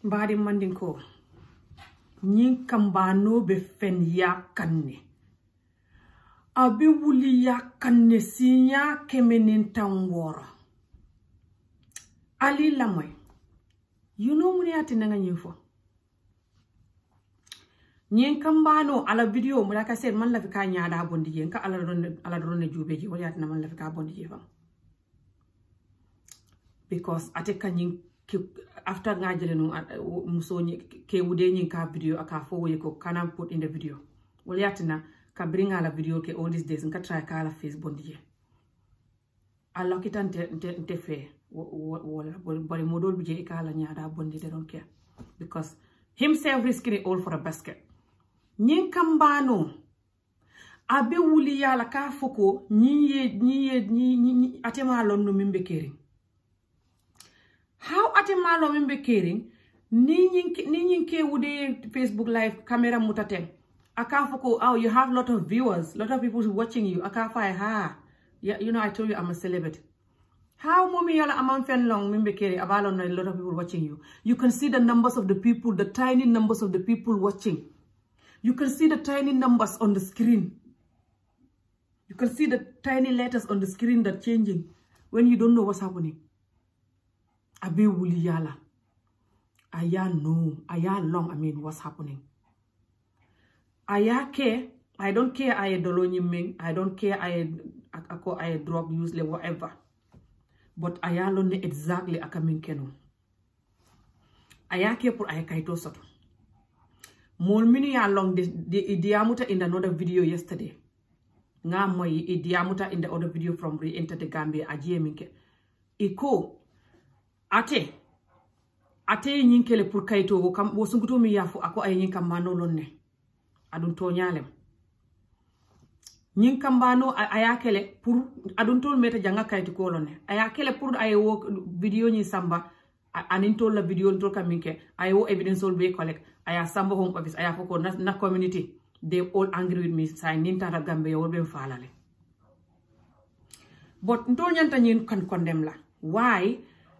Speaker 1: mbaadi mandinko ñiŋ kambaanoo be feŋ yaa kaŋ ne wuli yaa kaŋ ne siiyaa keme niŋ taŋ wɔɔrɔ ali lamoy you know yaa tinna ŋa fo ñiŋ kambaanoo ala video mu ka seet maŋ lafi kaa ñaadaa bondi jee nka ala doroŋ ne juube jee walla yaa tinna maŋ lafi kaa bondi jee faŋ because ate ka ñiŋ after ngajere no ah, eh, muso ke wude nyin ka video aka fowo yeko kana put in the video wol yatina ka bring ala video ke all these days nka try ka ala facebook ndiye ala kita nte nte fe wala bari modol bije ka ala nyaada bondi de ronke because himself risking all for a basket nyin kambano abe wuli yala ka foko nyi ye nyi ye nyi atema lonno mimbe kering how atemalo min ɓe kering ni ñin ke wude facebook live camera mutaten aka foko oh you have lot of viewers lot of people watching you aka fa ha yeah, you know i told you i'm a celebrity how mommy yala amam fen long mimbe kere abalon no lot of people watching you you can see the numbers of the people the tiny numbers of the people watching you can see the tiny numbers on the screen you can see the tiny letters on the screen that changing when abe wuli yala aya know aya long i mean what's happening aya care i don't care aya dolonyi ming i don't care aya ako aya drop useless whatever but aya lon exactly akamin keno aya care pour aya kaito soto mol minu ya long the, the idiamuta in another video yesterday nga moy idiamuta in the other video from re-enter the gambia ajiye minke iko ate ate ñiŋ kele pour kayitoo wo sunkuto miŋ ye a fo ñiŋ kambaanoo loŋ ne aduŋ tooñaa ñiŋ kambaanoo a kele pour aduŋ toolu meeta jaŋa kayitikuo loŋ ne a kele pour a wo video ñiŋ samba aniŋ toolu la video toolu ka ke a wo evidenceolu bee collect a ye samba home office a ye ko na, community they all angry with saayiŋ niŋ taata gambe ye wolu be n le but ntoo ñanta ñiŋ kan kondem la waaye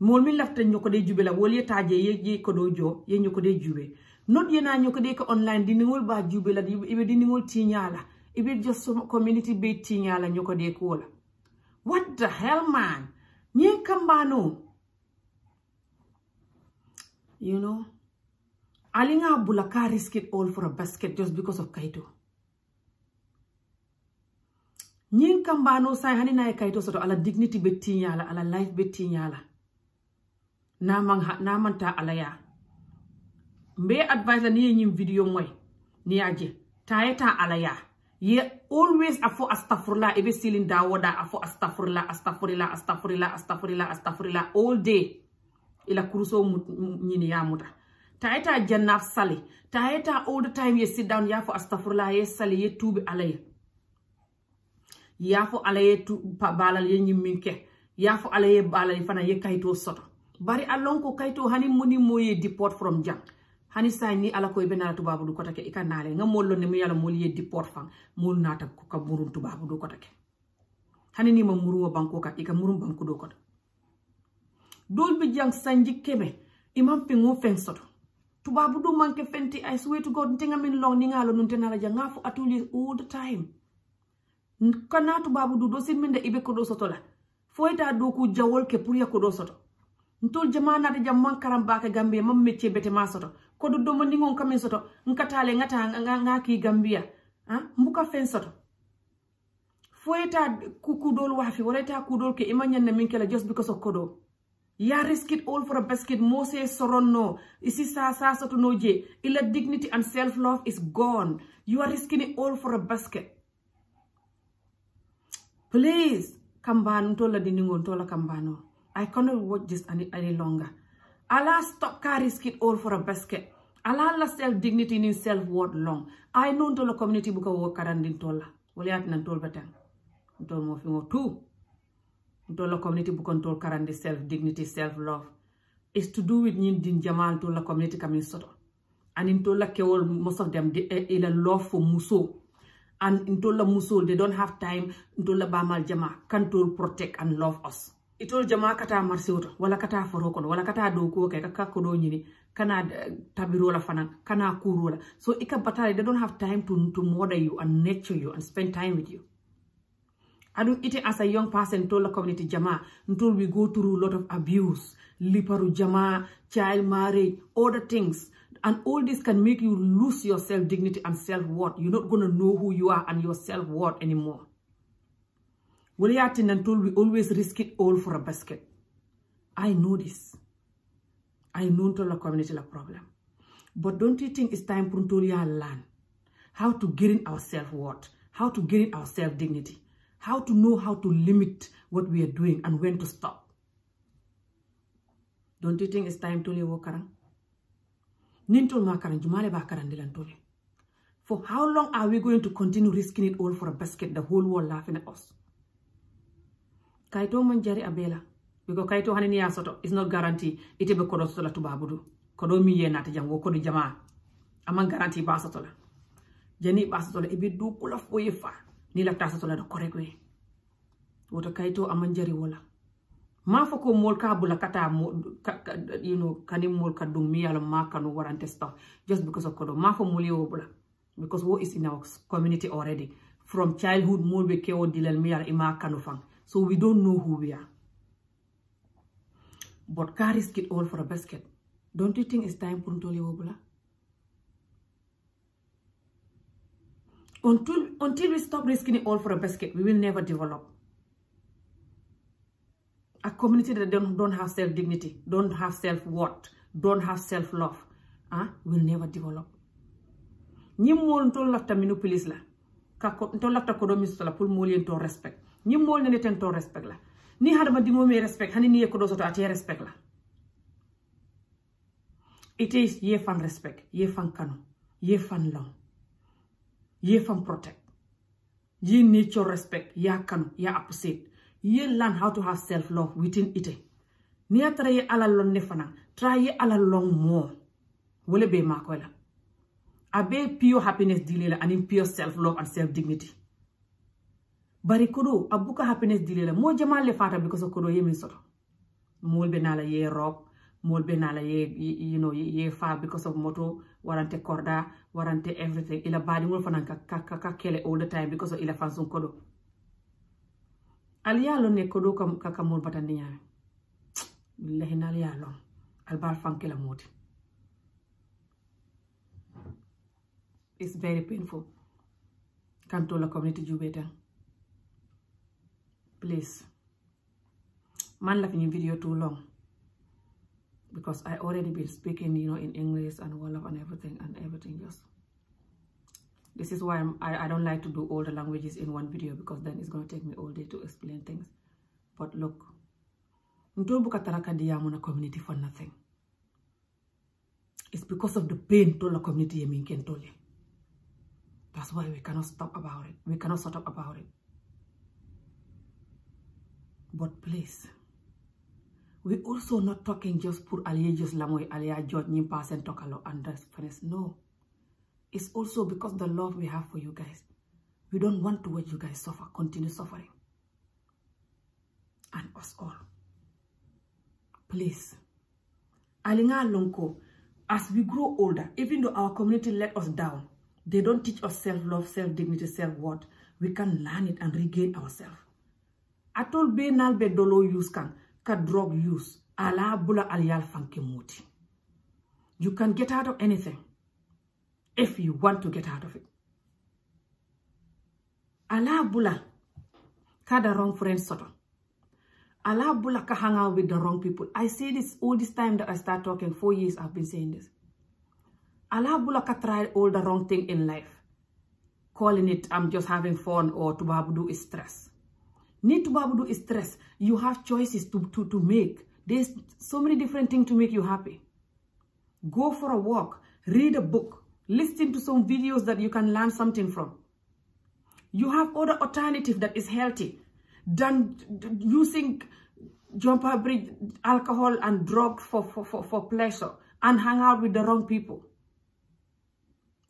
Speaker 1: mool min laftan ñokode juɓe la wol yetaje ye koɗo jo ye ñokode juɓe not yena ñokode ko online dindigol ba juɓe la iɓe dindigol tiñala iɓe just community be tiñala ñokode kuwola what the hell man ñin kambano you know alinga bula ka risk all for a basket just because of kaito ñin kambano sai haninaye kaito soto ala dignity be tiñala ala life be tiñala naa man naa manta ala mbe advisor ni ye ñim video moy ni ya taye ta ala ye always a fo astafurla ebe silin dawoda a fo astafurla astafurla all day ila kuruso ñini ya muta taye ta jannaf sali taye ta all the time ye sit down ya fo astafurla ye sali ye tuubi ala ya fo ala balal ye ñim min ke ya fo ala ye fana ye kayito soto bari alonko kayto hani muni moye deport from jang hani sayni ala koye ɓe nana tubabu du kotake ika naale nga mollonde mu yala mol ye deport fan mol nata ka murun tubabu du kotake ika murun banku do koto dolɓe jang sanji keɓe iman fengo fen soto tubabu du manke fenti i swear to god ntegamin long ni ngalo num tenala jang nga fo atelier all the time kana tubabu du do simminde iɓe ko ɗo sotola foyta dow ku jawol ke pour yakko ɗo soto ntol jama nata jam man karam baka gambia mam mecce bete ma soto kodu do mani ngon soto nkatale ngata nga ki gambia ha ah, mbuka fen soto foyeta kudol wafi wareta kudol ke imanyanna min kala just because of kodo ya risk it all for a basket mose soronno isi sa soto no je dignity and self love is gone you are risking all for a basket please kambanum tolla diningon tolla kambanol I cannot watch this any, longer. Allah stop carrying skid all for a basket. Allah Allah self dignity in self worth long. I know to the community buka wo karan din tola. Wali at nan tol batang. Ntol mo fi community buka tol karan self dignity self love. It's to do with nyin din jamal to the community kamin soto. And in tola kewol most of them they eh, eh, love for muso. And in tola muso they don't have time. Ntola bamal jama can tol protect and itol jama kata marsiwoto wala kata foro kono wala kata dow kuwo kay kakko ɗo ñini kana eh, tabirola fana kana kurola so ika batali they don't have time to, to murder you and nurture you and spend time with you aɗum ite as a young person tolla community jama ntol we go through lot of abuse liparu jama child marriage other things and all this can make you lose your self dignity and self worth you're not gonna know who you are and your self worth anymore Waliatin and told we always risk it all for a basket. I know this. I know to the community la problem. But don't you think it's time for Ntolia learn how to gain ourselves what? How to gain ourselves dignity? How to know how to limit what we are doing and when to stop? Don't you think it's time to leave Wakarang? Nintol Makarang, Jumale Bakarang Dilantoli. For how long are we going to continue risking it all for a basket, the whole world laughing at us? kaito man jari a bela biko kaito hanen ya soto is not guarantee ite be kodo soto la soto la jani du ta soto la do ko woto kaito aman kanu warante stuff just because of kodo ma fo mol yo bula because wo is in our community already from childhood mol be kewo dilal mi yalo ima kanu fang So we don't know who we are. But can't risk it all for a basket. Don't you think it's time Puntoli Wobula? Until, until we stop risking it all for a basket, we will never develop. A community that don't, have self-dignity, don't have self-worth, don't have self-love, huh, ah, will never develop. Nyi mwol ntol lafta minu pilis la. Ntol lafta kodomis la pul mwol yen to respect. nyimmoolñande ten to respect la ni haɗama ɗimomi respect hani ni yekko ɗo soto ati respect la ite ye fan respect ye fan kano ye fan law ye fan protect ye nature respect ya kano ya appreciate ye learn how to have self love within ite ni a tara ye ala lon ne fana tara ye ala lon mo wole be makoy la a be happiness dile la anin pure self love and self dignity bari kodo a buka happiness dilila mo jamale because of kodo yemin soto mol be nala ye rob mol be nala ye you know because of moto warante korda warante everything ila badi ngol fanan ka ka ka kele all time because ila fansun kodo aliya lo ne kodo kam ka kam mol batandi nyaa billahi nal ya lo albal fanke la moti it's very painful kanto la community jubeta please man la fiñu video too long because I already been speaking you know in English and Wolof and everything and everything just this is why I, don't like to do all languages in one video because then it's going take me all day to explain things but look ntoo buka taraka diyaamu na community for nothing it's because of the pain tola community yemin ken tole that's why we cannot stop about it we cannot shut about it But please, we also not talking just pour Aliye just lamoy Aliya George Nyimpa Sentokalo and friends. No. It's also because the love we have for you guys. We don't want to watch you guys suffer, continue suffering. And us all. Please. Alinga Lonko, as we grow older, even though our community let us down, they don't teach us self-love, self-dignity, self-worth. We can learn it and regain ourselves. atol be nalbe dolo use kan ka drug use ala bula alyal fanke muti you can get out of anything if you want to get out of it ala bula ka the wrong friends soto ala bula ka hang with the wrong people i say this all this time that i start talking four years i've been saying this ala bula ka try all the wrong thing in life calling it i'm just having fun or tubabudu is stress ni tubaabu du stress you have choices to to to make there's so many different things to make you happy go for a walk read a book listen to some videos that you can learn something from you have other alternative that is healthy than using jumper bridge alcohol and drug for pleasure and hang out with the wrong people.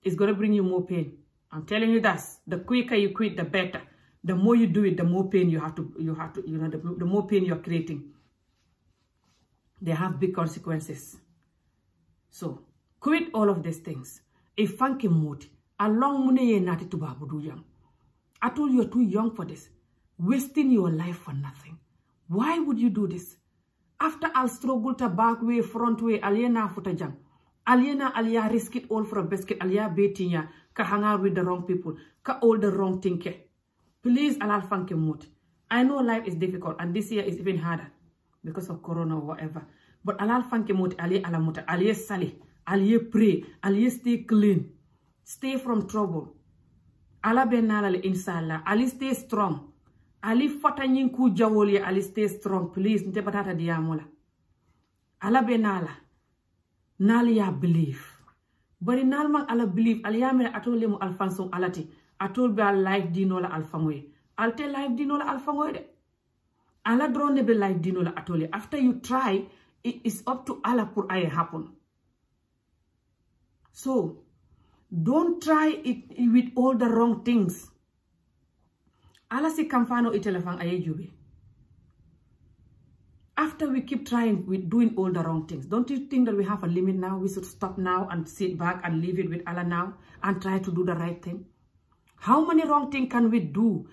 Speaker 1: It's going to bring you more pain. I'm telling you that. The quicker you quit, the better. the more you do it, the more pain you have to, you have to, you know, the, the more pain you're creating. They have big consequences. So quit all of these things. If funky mood, along mune nati tubabu young. I told you're too young for this. Wasting your life for nothing. Why would you do this? After I'll struggle to back way, front way, aliena futajang. Aliena alia risk it all for a basket, alia betinya, kahanga with the wrong people, ka all the wrong thinking. Please allow Funky Mood. I know life is difficult and this year is even harder because of corona whatever. But allow Funky Mood, allow Alamuta, allow Sally, allow pray, allow stay clean, stay from trouble. Ala benalale inshallah, allow stay strong. Ali fata nyinku jawoli ali stay strong please nte patata diamola ala benala nal ya believe bari nal man ala believe ali yamira atole mu alfanso atol be life dino la alfangoye alte life drone be life dino la atole after you try it is up to Allah pour aye happen so don't try it with all the wrong things ala si kamfano itelefang e aye jube after we keep trying with doing all the wrong things, don't think that we have a limit now? We should stop now and sit back and leave it with Allah now and try to do the right thing. How many wrong things can we do,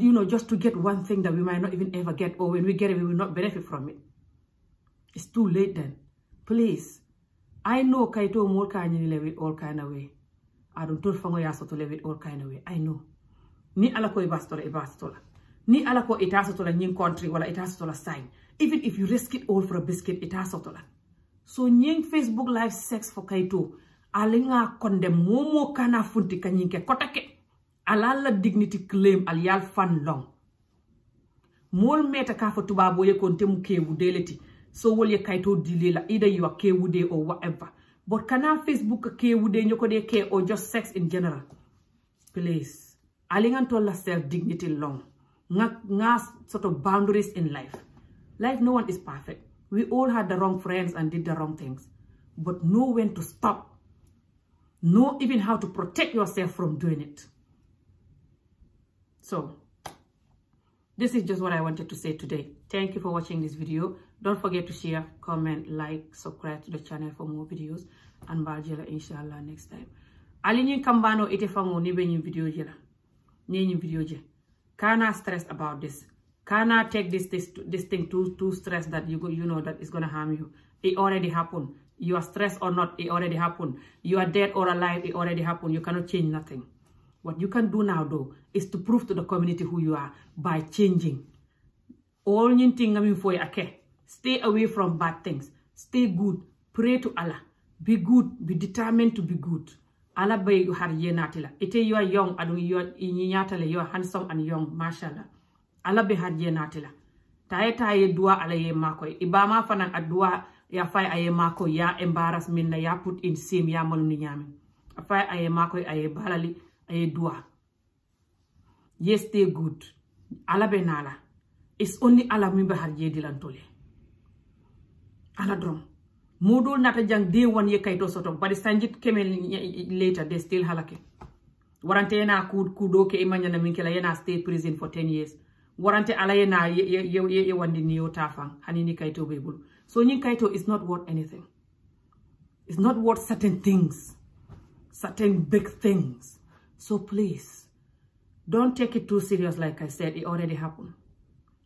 Speaker 1: you know, just to get one thing that we might not even ever get, or when we get it, we not benefit from it? It's too late then. Please. I know kaito more kind of with all kind of way. I don't tell fango yaso to live all kind of way. I know. Ni alako ibastola ibastola. Ni alako itasotola nyin country wala itasotola sign. Even if you risk it all for a biscuit, itasotola. So nyin Facebook live sex alala dignity claim al fan long mol meta ka fa tubabo ye kon temu kewu so wol ye kaito either you are or whatever but kana facebook kewu de ke or just sex in general please alingan tola self dignity long nga nga sort of boundaries in life life no one is perfect we all had the wrong friends and did the wrong things but know when to stop know even how to protect yourself from doing it So this is just what I wanted to say today. Thank you for watching this video. Don't forget to share, comment, like, subscribe to the channel for more videos. And Barjela inshallah next time. Alinyin kambano ite fango nibe nyin video jela. Nyin video je. Kana stress about this. Kana take this thing too stress that you know that is gonna harm you. It already happened. You are stressed or not, it already happened. You cannot change nothing. What you can do now, though, is to prove to the community who you are by changing. All new thing coming for you, Stay away from bad things. Stay good. Pray to Allah. Be good. Be determined to be good. Allah bay you har yenatila. Ite you are young and you are inyatale. You are handsome and young. Mashallah. Allah bay har yenatila. Taye taye dua ala ye makoy. Ibama fanan adua ya fay aye makoy ya embarrass minna ya put in sim ya malum ni nyame. Afay aye makoy a dua. Yes, stay good. Ala benala. It's only ala mimba harje dilantole. Ala drum. Modul nata jang day one ye kaito soto. But sanjit came later. They still halake. Warante yana kudoke imanyana minkela yana stay prison for 10 years. warante ala ye naa ye ye wandi niyo taafang hani ni kayito be bul so ñi kayito is not worth anything it's not worth certain things certain big things So please, don't take it too serious. Like I said, it already happened.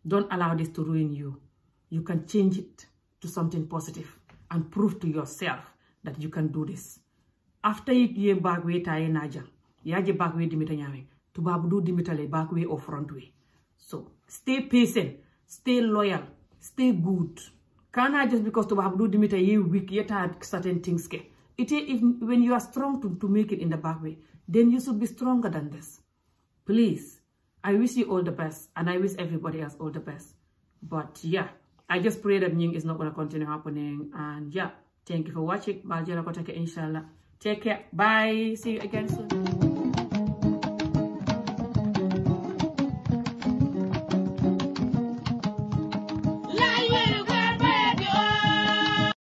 Speaker 1: Don't allow this to ruin you. You can change it to something positive and prove to yourself that you can do this. After you back way taye naja, yaje back way dimita nyame, tubabu do dimita le back way or front way. So stay patient, stay loyal, stay good. Can I just because tubabu do dimita ye weak, yet certain things ke. It if when you are strong to make it in the back way, then you should be stronger than this. Please, I wish you all the best and I wish everybody else all the best. But yeah, I just pray that Nying is not to continue happening. And yeah, thank you for watching. Take care. Bye. See you again